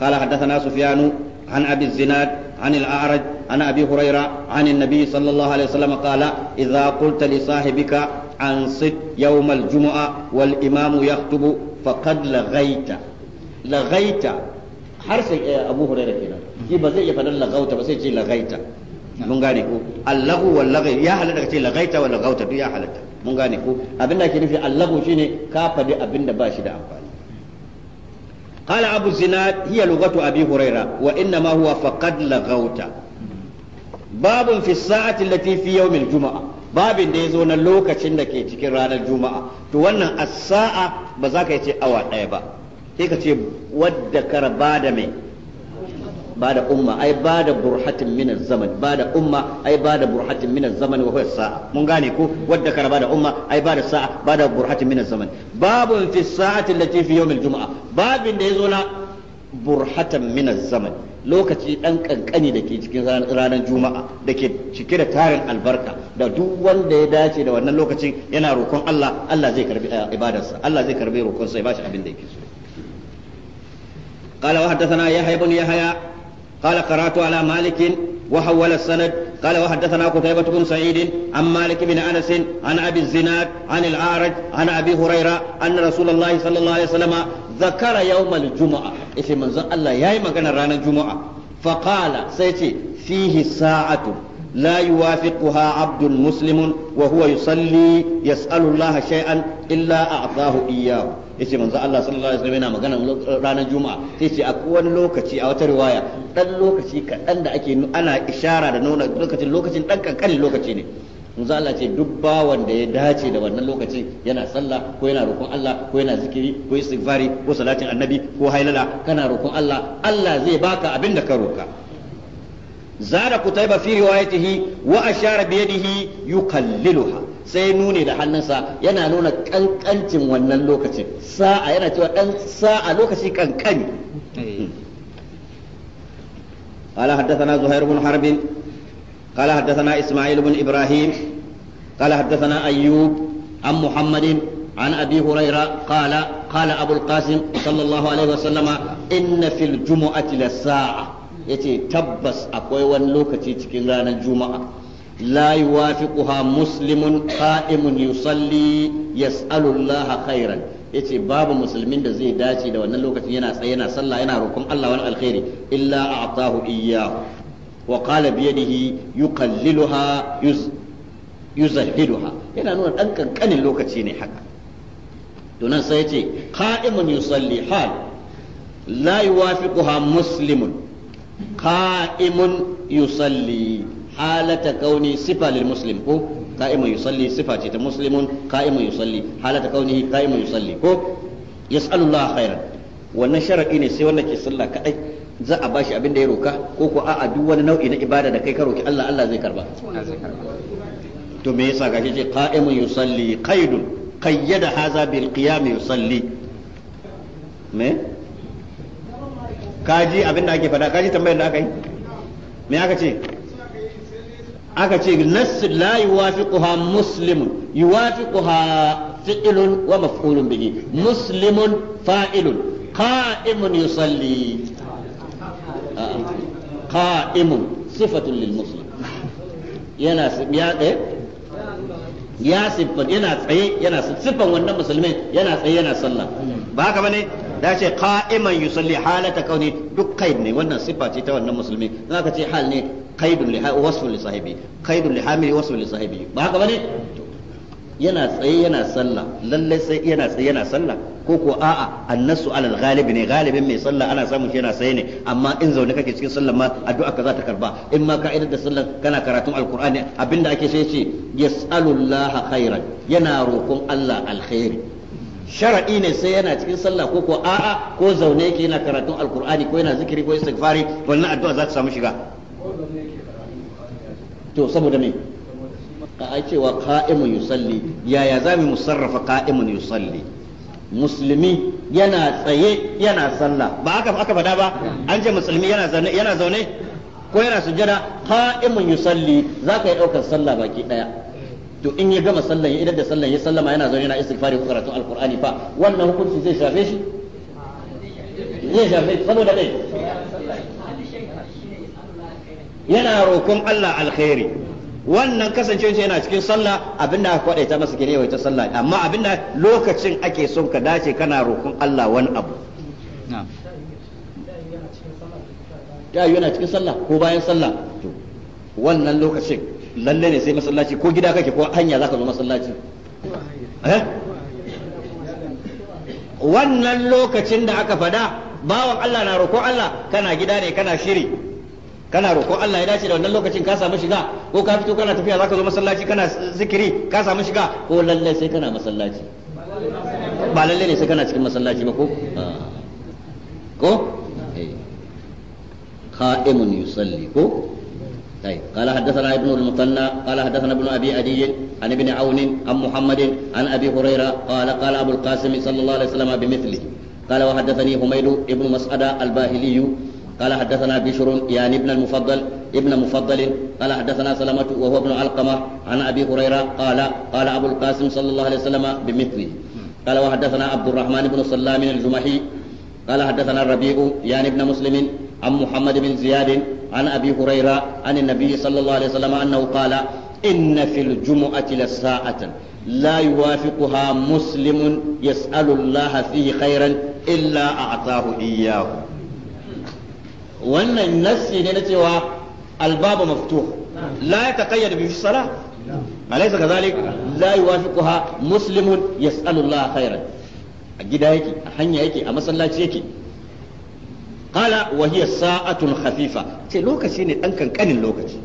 قال حدثنا سفيان عن أبي الزناد عن الأعرج عن أبي هريرة عن النبي صلى الله عليه وسلم قال إذا قلت لصاحبك أنصت يوم الجمعة والإمام يخطب فقد لغيت لغيت حرس أبو هريرة كده shi ba zai iya faɗin lagauta ba sai mun gane ku allahu wal ya halatta ka ce lagaita wa lagauta duk ya halatta mun gane ko abin da ke nufi allahu shine ka faɗi abin da ba shi da amfani قال أبو الزناد هي لغة أبي هريرة وإنما هو فقد لغوت باب في الساعة التي في يوم الجمعة babin da ya zo na lokacin da ke cikin ranar juma'a to wannan as-sa'a ba za ka ce awa ɗaya ba sai ka ce wadda karba da mai ba da umma ai ba da burhatin minan zaman ba da umma ai ba da burhatin minan zaman wa huwa sa'a mun gane ko wadda kara ba da umma ai ba da sa'a ba da burhatin minan zaman babun fi sa'ati allati fi yawm al babin da yazo na burhatan minan zaman lokaci dan kankani da ke cikin ranar juma'a da ke cike da tarin albarka da duk wanda ya dace da wannan lokacin yana roƙon Allah Allah zai karbi eh, ibadarsa Allah zai karbi roƙonsa ya bashi abin da yake so قال وحدثنا يحيى بن يحيى قال قرأت على مالك وحول السند قال وحدثنا قتيبة بن سعيد عن مالك بن أنس عن أبي الزناد عن الأعرج عن أبي هريرة أن رسول الله صلى الله عليه وسلم ذكر يوم الجمعة إذا من الله يا مكان رانا الجمعة فقال سيتي فيه ساعة لا يوافقها عبد مسلم وهو يصلي يسأل الله شيئا إلا أعطاه إياه yace manzo Allah sallallahu alaihi wasallam yana magana ranar juma'a sai ce akwai wani lokaci a wata riwaya dan lokaci kaɗan da ake ana ishara da nuna lokacin lokacin dan kankanin lokaci ne manzo Allah ce duk ba da ya dace da wannan lokaci yana sallah ko yana roƙon Allah ko yana zikiri ko istighfari ko salatin annabi ko hailala kana roƙon Allah Allah zai baka abin da ka roƙa zara kutaiba fi riwayatihi wa ashara bi yadihi yukalliluha sai nuni da hannunsa yana nuna kankancin wannan lokacin. sa'a yana cewa ɗan sa'a lokaci kankani qala hadathana zuhair bin harb qala hadathana isma'il bin ibrahim qala hadathana ayyub an muhammadin an abi hurayra qala qala abul qasim sallallahu alaihi wasallama inna fil jum'ati lis sa'a yace tabbas akwai wani lokaci cikin ranar juma'a لا يوافقها مسلم قائم يصلي يسأل الله خيرا yace babu musulmin da zai dace da wannan lokacin yana tsaye yana sallah yana roƙon Allah wani alkhairi illa a'tahu iyyahu wa qala bi yadihi yuqalliluha yuzahhiduha yana nuna dan kankanin lokaci ne haka to nan sai yace qa'imun yusalli hal la yuwafiquha muslimun qa'imun yusalli halata kauni sifa lil muslim ko qa'iman yusalli sifa ce ta muslimun qa'iman yusalli halata kauni qa'iman yusalli ko Allah khairan wannan sharadi ne sai wannan ke sallah kadai za a bashi abin da ya roka ko ko a'a duk wani nau'i na ibada da kai ka roki Allah Allah zai karba to me yasa gashi ce qa'iman yusalli qaidun qayyada hadha bil qiyam yusalli me kaji abin da ake fada kaji tambayar da aka yi me aka ce aka ce nass la yuwafiquha muslimun yuwafiquha fi'lun wa maf'ulun bihi muslimun fa'ilun qa'imun yusalli qa'imun sifatun lil muslim yana ya eh? ya siffan yana tsaye yana siffan wannan musulmin yana tsaye yana sallah ba haka bane da ce qa'iman yusalli halata kauni duk kai ne wannan siffa ce ta wannan musulmi zaka ce hal ne kaidun li wasfun li sahibi kaidun li hamili wasfun li sahibi yana tsaye yana sallah lallai sai yana tsaye yana sallah ko ko a'a annasu alal galibi ne galibin mai sallah ana samun shi yana tsaye ne amma in zaune kake cikin sallah ma addu'a ka za ta karba in ma ka idar da sallah kana karatun alqur'ani abinda ake sai ce yas'alullaha khairan yana rokon Allah alkhairi shar'i ne sai yana cikin sallah ko ko a'a ko zaune yake yana karatun alqur'ani ko yana zikiri ko istighfari wannan addu'a za ta samu shiga to saboda me a cewa qa'imun yusalli yaya za mu musarrafa qa'imun yusalli musulmi yana tsaye yana sallah ba haka aka faɗa ba an ce musulmi yana zaune yana zaune ko yana sujjada qa'imun yusalli zaka yi daukar sallah baki daya to in ya gama sallan ya idan da sallan ya sallama yana zaune yana istighfari ko karatun alqur'ani fa wannan hukunci zai shafe shi zai shafe saboda dai yana roƙon Allah alkhairi wannan kasance yana cikin sallah abinda aka kwadaita masa ke yawaita sallah amma abinda lokacin ake son ka dace kana roƙon Allah wani abu ya yana cikin sallah ko bayan sallah to wannan lokacin lalle ne sai masallaci ko gida kake ko hanya zaka zo masallaci eh? wannan lokacin da aka fada bawan Allah na roƙon Allah kana gida ne kana shiri kana roƙon Allah ya dace da wannan lokacin ka samu shiga ko ka fito kana tafiya zaka zo masallaci kana zikiri ka samu shiga ko lalle sai kana masallaci ba lalle ne sai kana cikin masallaci ba ko ah. ko qa'imun eh. yusalli ko طيب قال حدثنا ابن المثنى قال حدثنا ابن ابي عدي عن ابن عون عن محمد عن ابي هريره قال قال ابو القاسم صلى الله عليه وسلم بمثله قال وحدثني حميد مسعد الباهلي قال حدثنا بشر يعني ابن المفضل ابن مفضل قال حدثنا سلمة وهو ابن علقمة عن أبي هريرة قال قال أبو القاسم صلى الله عليه وسلم بمثله قال وحدثنا عبد الرحمن بن سلام الجمحي قال حدثنا الربيع يعني ابن مسلم عن محمد بن زياد عن أبي هريرة عن النبي صلى الله عليه وسلم أنه قال إن في الجمعة لساعة لا يوافقها مسلم يسأل الله فيه خيرا إلا أعطاه إياه wannan nassi ne na cewa albabu maftu la yataqayyad bi salah alaysa kadhalik la yuwafiquha muslimun yas'alu Allah khairan a gida yake a hanya yake a masallaci yake qala wa hiya sa'atun khafifa ce lokaci ne dan kankanin lokaci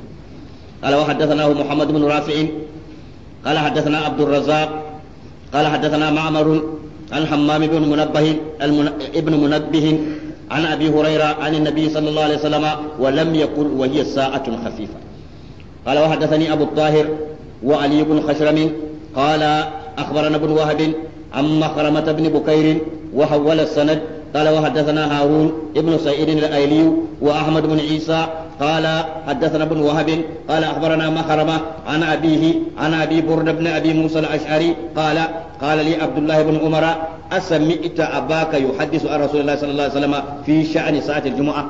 قال وحدثناه محمد بن رافع قال حدثنا عبد الرزاق قال حدثنا معمر عن حمام بن منبه ابن منبه عن أبي هريرة عن النبي صلى الله عليه وسلم ولم يقل وهي ساعة خفيفة قال وحدثني أبو الطاهر وعلي بن خشرم قال أخبرنا ابن وهب عن مخرمة بن بكير وحول السند قال وحدثنا هارون ابن سعيد الأيلي وأحمد بن عيسى قال حدثنا ابن وهب قال أخبرنا مخرمة عن أبيه عن أبي برد بن أبي موسى الأشعري قال قال لي عبد الله بن عمر أسمعت أباك يحدث عن رسول الله صلى الله عليه وسلم في شأن ساعة الجمعة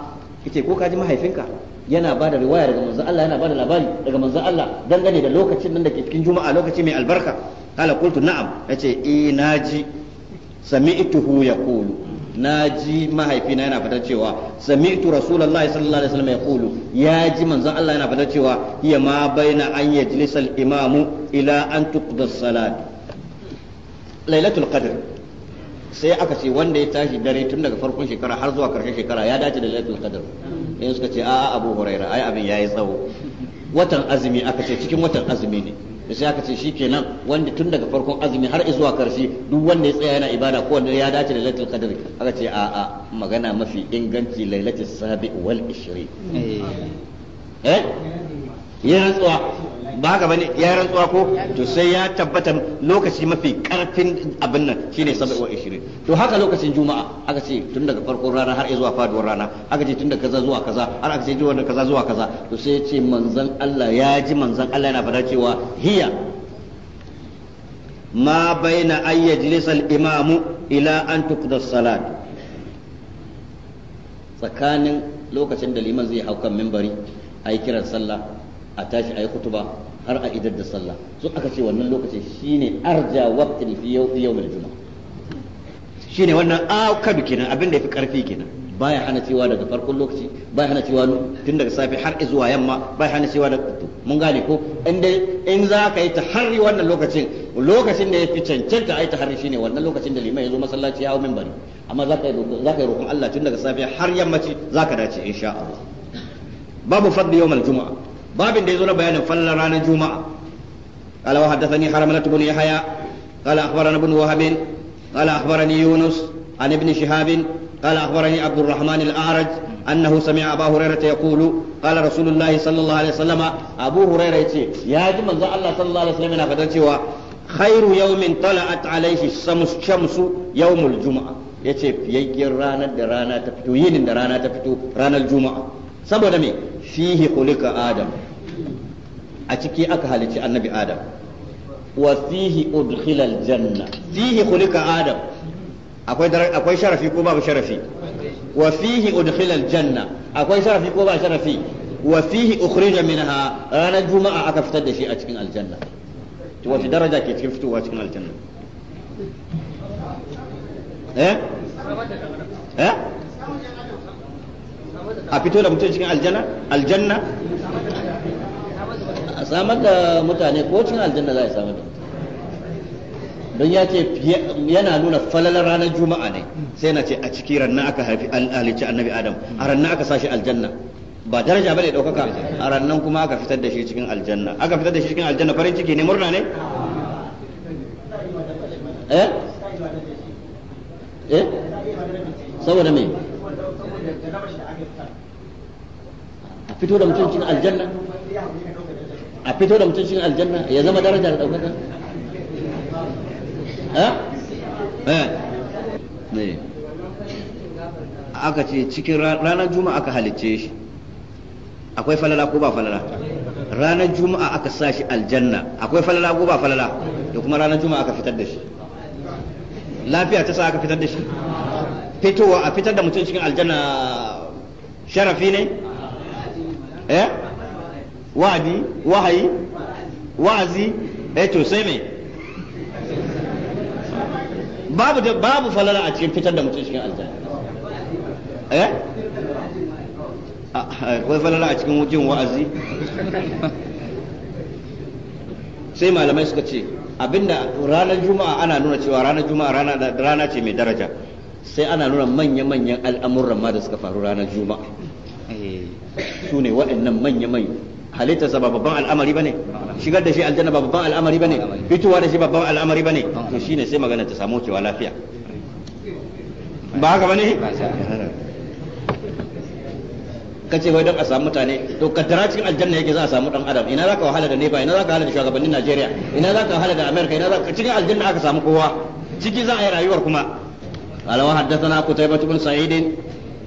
kace ko ka mahaifinka yana bada riwaya daga manzon Allah yana bada labari daga manzon Allah dangane da lokacin nan da ke cikin juma'a lokaci mai albarka kala qultu na'am yace eh naji sami'tuhu yaqulu na ji mahaifina yana fatar cewa sami'tu rasulullahi sallallahu alaihi wasallam yaqulu ya ji manzon Allah yana fatar cewa ya ma baina an yajlisal imamu ila an tuqda salat lailatul qadr sai aka ce wanda ya tashi dare tun daga farkon shekara har zuwa karshen shekara ya dace da lailatul qadr in suka ce a'a abu huraira ai abin yayi tsawo watan azumi aka ce cikin watan azumi ne da sai aka ce kenan wanda tun daga farkon azumi har zuwa karshe duk wanda ya tsaya yana ibada ko wanda ya dace da lailatul qadr aka ce a a magana mafi inganci lailatul sabi wal ishri eh, eh? ya rantsuwa ba haka bane ya rantsuwa ko to sai ya tabbata lokaci mafi karfin abin nan shine 27 to haka lokacin juma'a aka ce tun daga farkon rana har zuwa faduwar rana aka ce tun daga kaza zuwa kaza har aka ce zuwa kaza zuwa kaza to sai ya ce manzon Allah ya ji manzon Allah yana fada cewa hiya ma baina ayyajlisa al-imamu ila an tuqda salat tsakanin lokacin da liman zai hau kan mimbari a yi kiran sallah a tashi a yi kutuba har a idar da sallah su aka ce wannan lokacin shine arja waqtin fi juma shi shine wannan akadu kenan abin da fi karfi kenan baya hana cewa daga farkon lokaci baya hana cewa tun daga safe har zuwa yamma baya hana cewa daga mun gane ko in in za ka yi tahari wannan lokacin lokacin da ya fi cancanta a yi shi shine wannan lokacin da liman ya zo masallaci ya hau bari amma za ka yi roƙon Allah tun daga safe har yammaci za ka dace insha Allah babu fadli mal juma'a babin da zo na bayanin fallan ranar juma'a qala wa haddathani harmalat ibn yahya qala akhbarana ibn wahab qala akhbarani yunus an ibn shihab qala akhbarani abdurrahman al-a'raj annahu sami'a abu ya kulu, kala rasulullahi sallallahu alaihi wasallam abu hurairah yace ya ji manzo Allah sallallahu alaihi wasallam yana fadar cewa khairu yawmin tala'at alaihi shamsu shamsu yawmul juma'a yace fiyayyen ranar da rana ta fito yinin da rana ta fito ranar juma'a saboda me fihi khuliqa adam a ciki aka halicci annabi adam wa fihi udkhila aljanna fihi khuliqa adam akwai akwai sharafi ko babu sharafi wa fihi udkhila aljanna akwai sharafi ko ba sharafi wa fihi ukhrija minha ranar juma'a aka fitar da shi a cikin aljanna to wace daraja ke cikin fitowa cikin aljanna eh eh a fito da mutum cikin aljanna aljanna a samar da mutane ko cikin aljanna za a samar da don ya ce yana nuna falalar ranar juma'a ne sai na ce a ciki ranna aka haifi halicci annabi adam a ranna aka sashi aljanna ba daraja bane daukaka a rannan kuma aka fitar da shi cikin aljanna aka fitar da shi cikin aljanna farin ciki ne murna ne eh eh saboda me fito da mutum cikin aljanna a fito da mutum cikin aljanna ya zama daraja da daukaka aka ce cikin ranar juma'a aka halicce shi akwai falala ko ba falala ranar juma'a aka sa shi aljanna akwai falala ko ba falala da kuma ranar juma'a aka fitar da shi lafiya ta sa aka fitar da shi fitowa a fitar da mutum cikin aljanna sharafi ne eh wa'adi wahayi wa'azi eh to sai me babu babu falala a cikin fitar da mutum cikin aljanna eh? Ah, eh akwai falala a cikin jin wa'azi sai malamai suka ce abinda ranar juma'a ana nuna cewa ranar juma'a rana ce mai daraja sai ana nuna manya-manyan al'amuran ma da suka faru ranar juma'a su ne waɗannan manya-manya halittarsa ba babban al'amari bane shigar da shi aljanna ba babban al'amari bane fitowa da shi babban al'amari bane to ne sai magana ta samu cewa lafiya ba haka ka ce wai don a samu mutane to kaddara cikin aljanna yake za a samu dan adam ina za ka wahala da nefa ina za ka wahala da shugabannin Najeriya ina za ka wahala da America ina zaka cikin aljanna aka samu kowa ciki za a yi rayuwar kuma قال وحدثنا قتيبة بن سعيد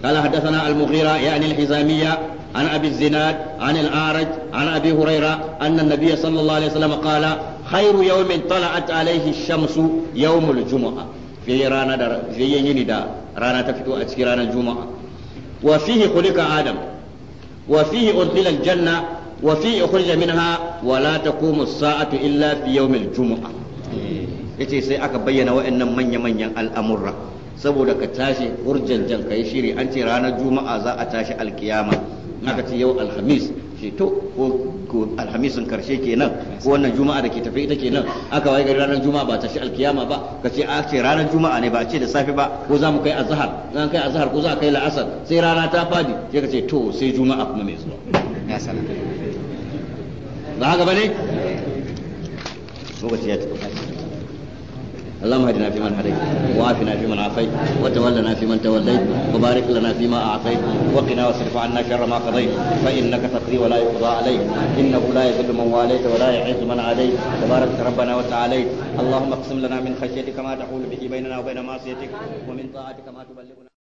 قال حدثنا المغيرة يعني الحزامية عن أبي الزناد عن الأعرج عن أبي هريرة أن النبي صلى الله عليه وسلم قال خير يوم طلعت عليه الشمس يوم الجمعة في رانا در في يني دا رانا تفتو أتسكي رانا الجمعة وفيه خلق آدم وفيه أدخل الجنة وفيه أخرج منها ولا تقوم الساعة إلا في يوم الجمعة yace sai aka bayyana waɗannan manya-manyan al'amurra saboda ka tashi hurjanjan ka yi shiri an ce ranar juma'a za a tashi alkiyama aka ce yau alhamis ce to ko alhamisin karshe kenan ko wannan juma'a da ke tafi ita kenan aka waye gari ranar juma'a ba ta shi alkiyama ba ka ce a ce ranar juma'a ne ba a ce da safe ba ko za mu kai azhar za kai azhar ko za a kai la'asar sai rana ta fadi sai ka ce to sai juma'a kuma mai zuwa ya sana ba haka bane lokaci ya tafi اللهم اهدنا فيمن هديت وعافنا فيمن عافيت وتولنا فيمن توليت وبارك لنا فيما اعطيت وقنا واصرف عنا شر ما قضيت فانك تقضي ولا يقضى عليك انه لا يذل من واليت ولا يعز من عليت تبارك ربنا وتعاليت اللهم اقسم لنا من خشيتك ما تحول به بيننا وبين معصيتك ومن طاعتك ما تبلغنا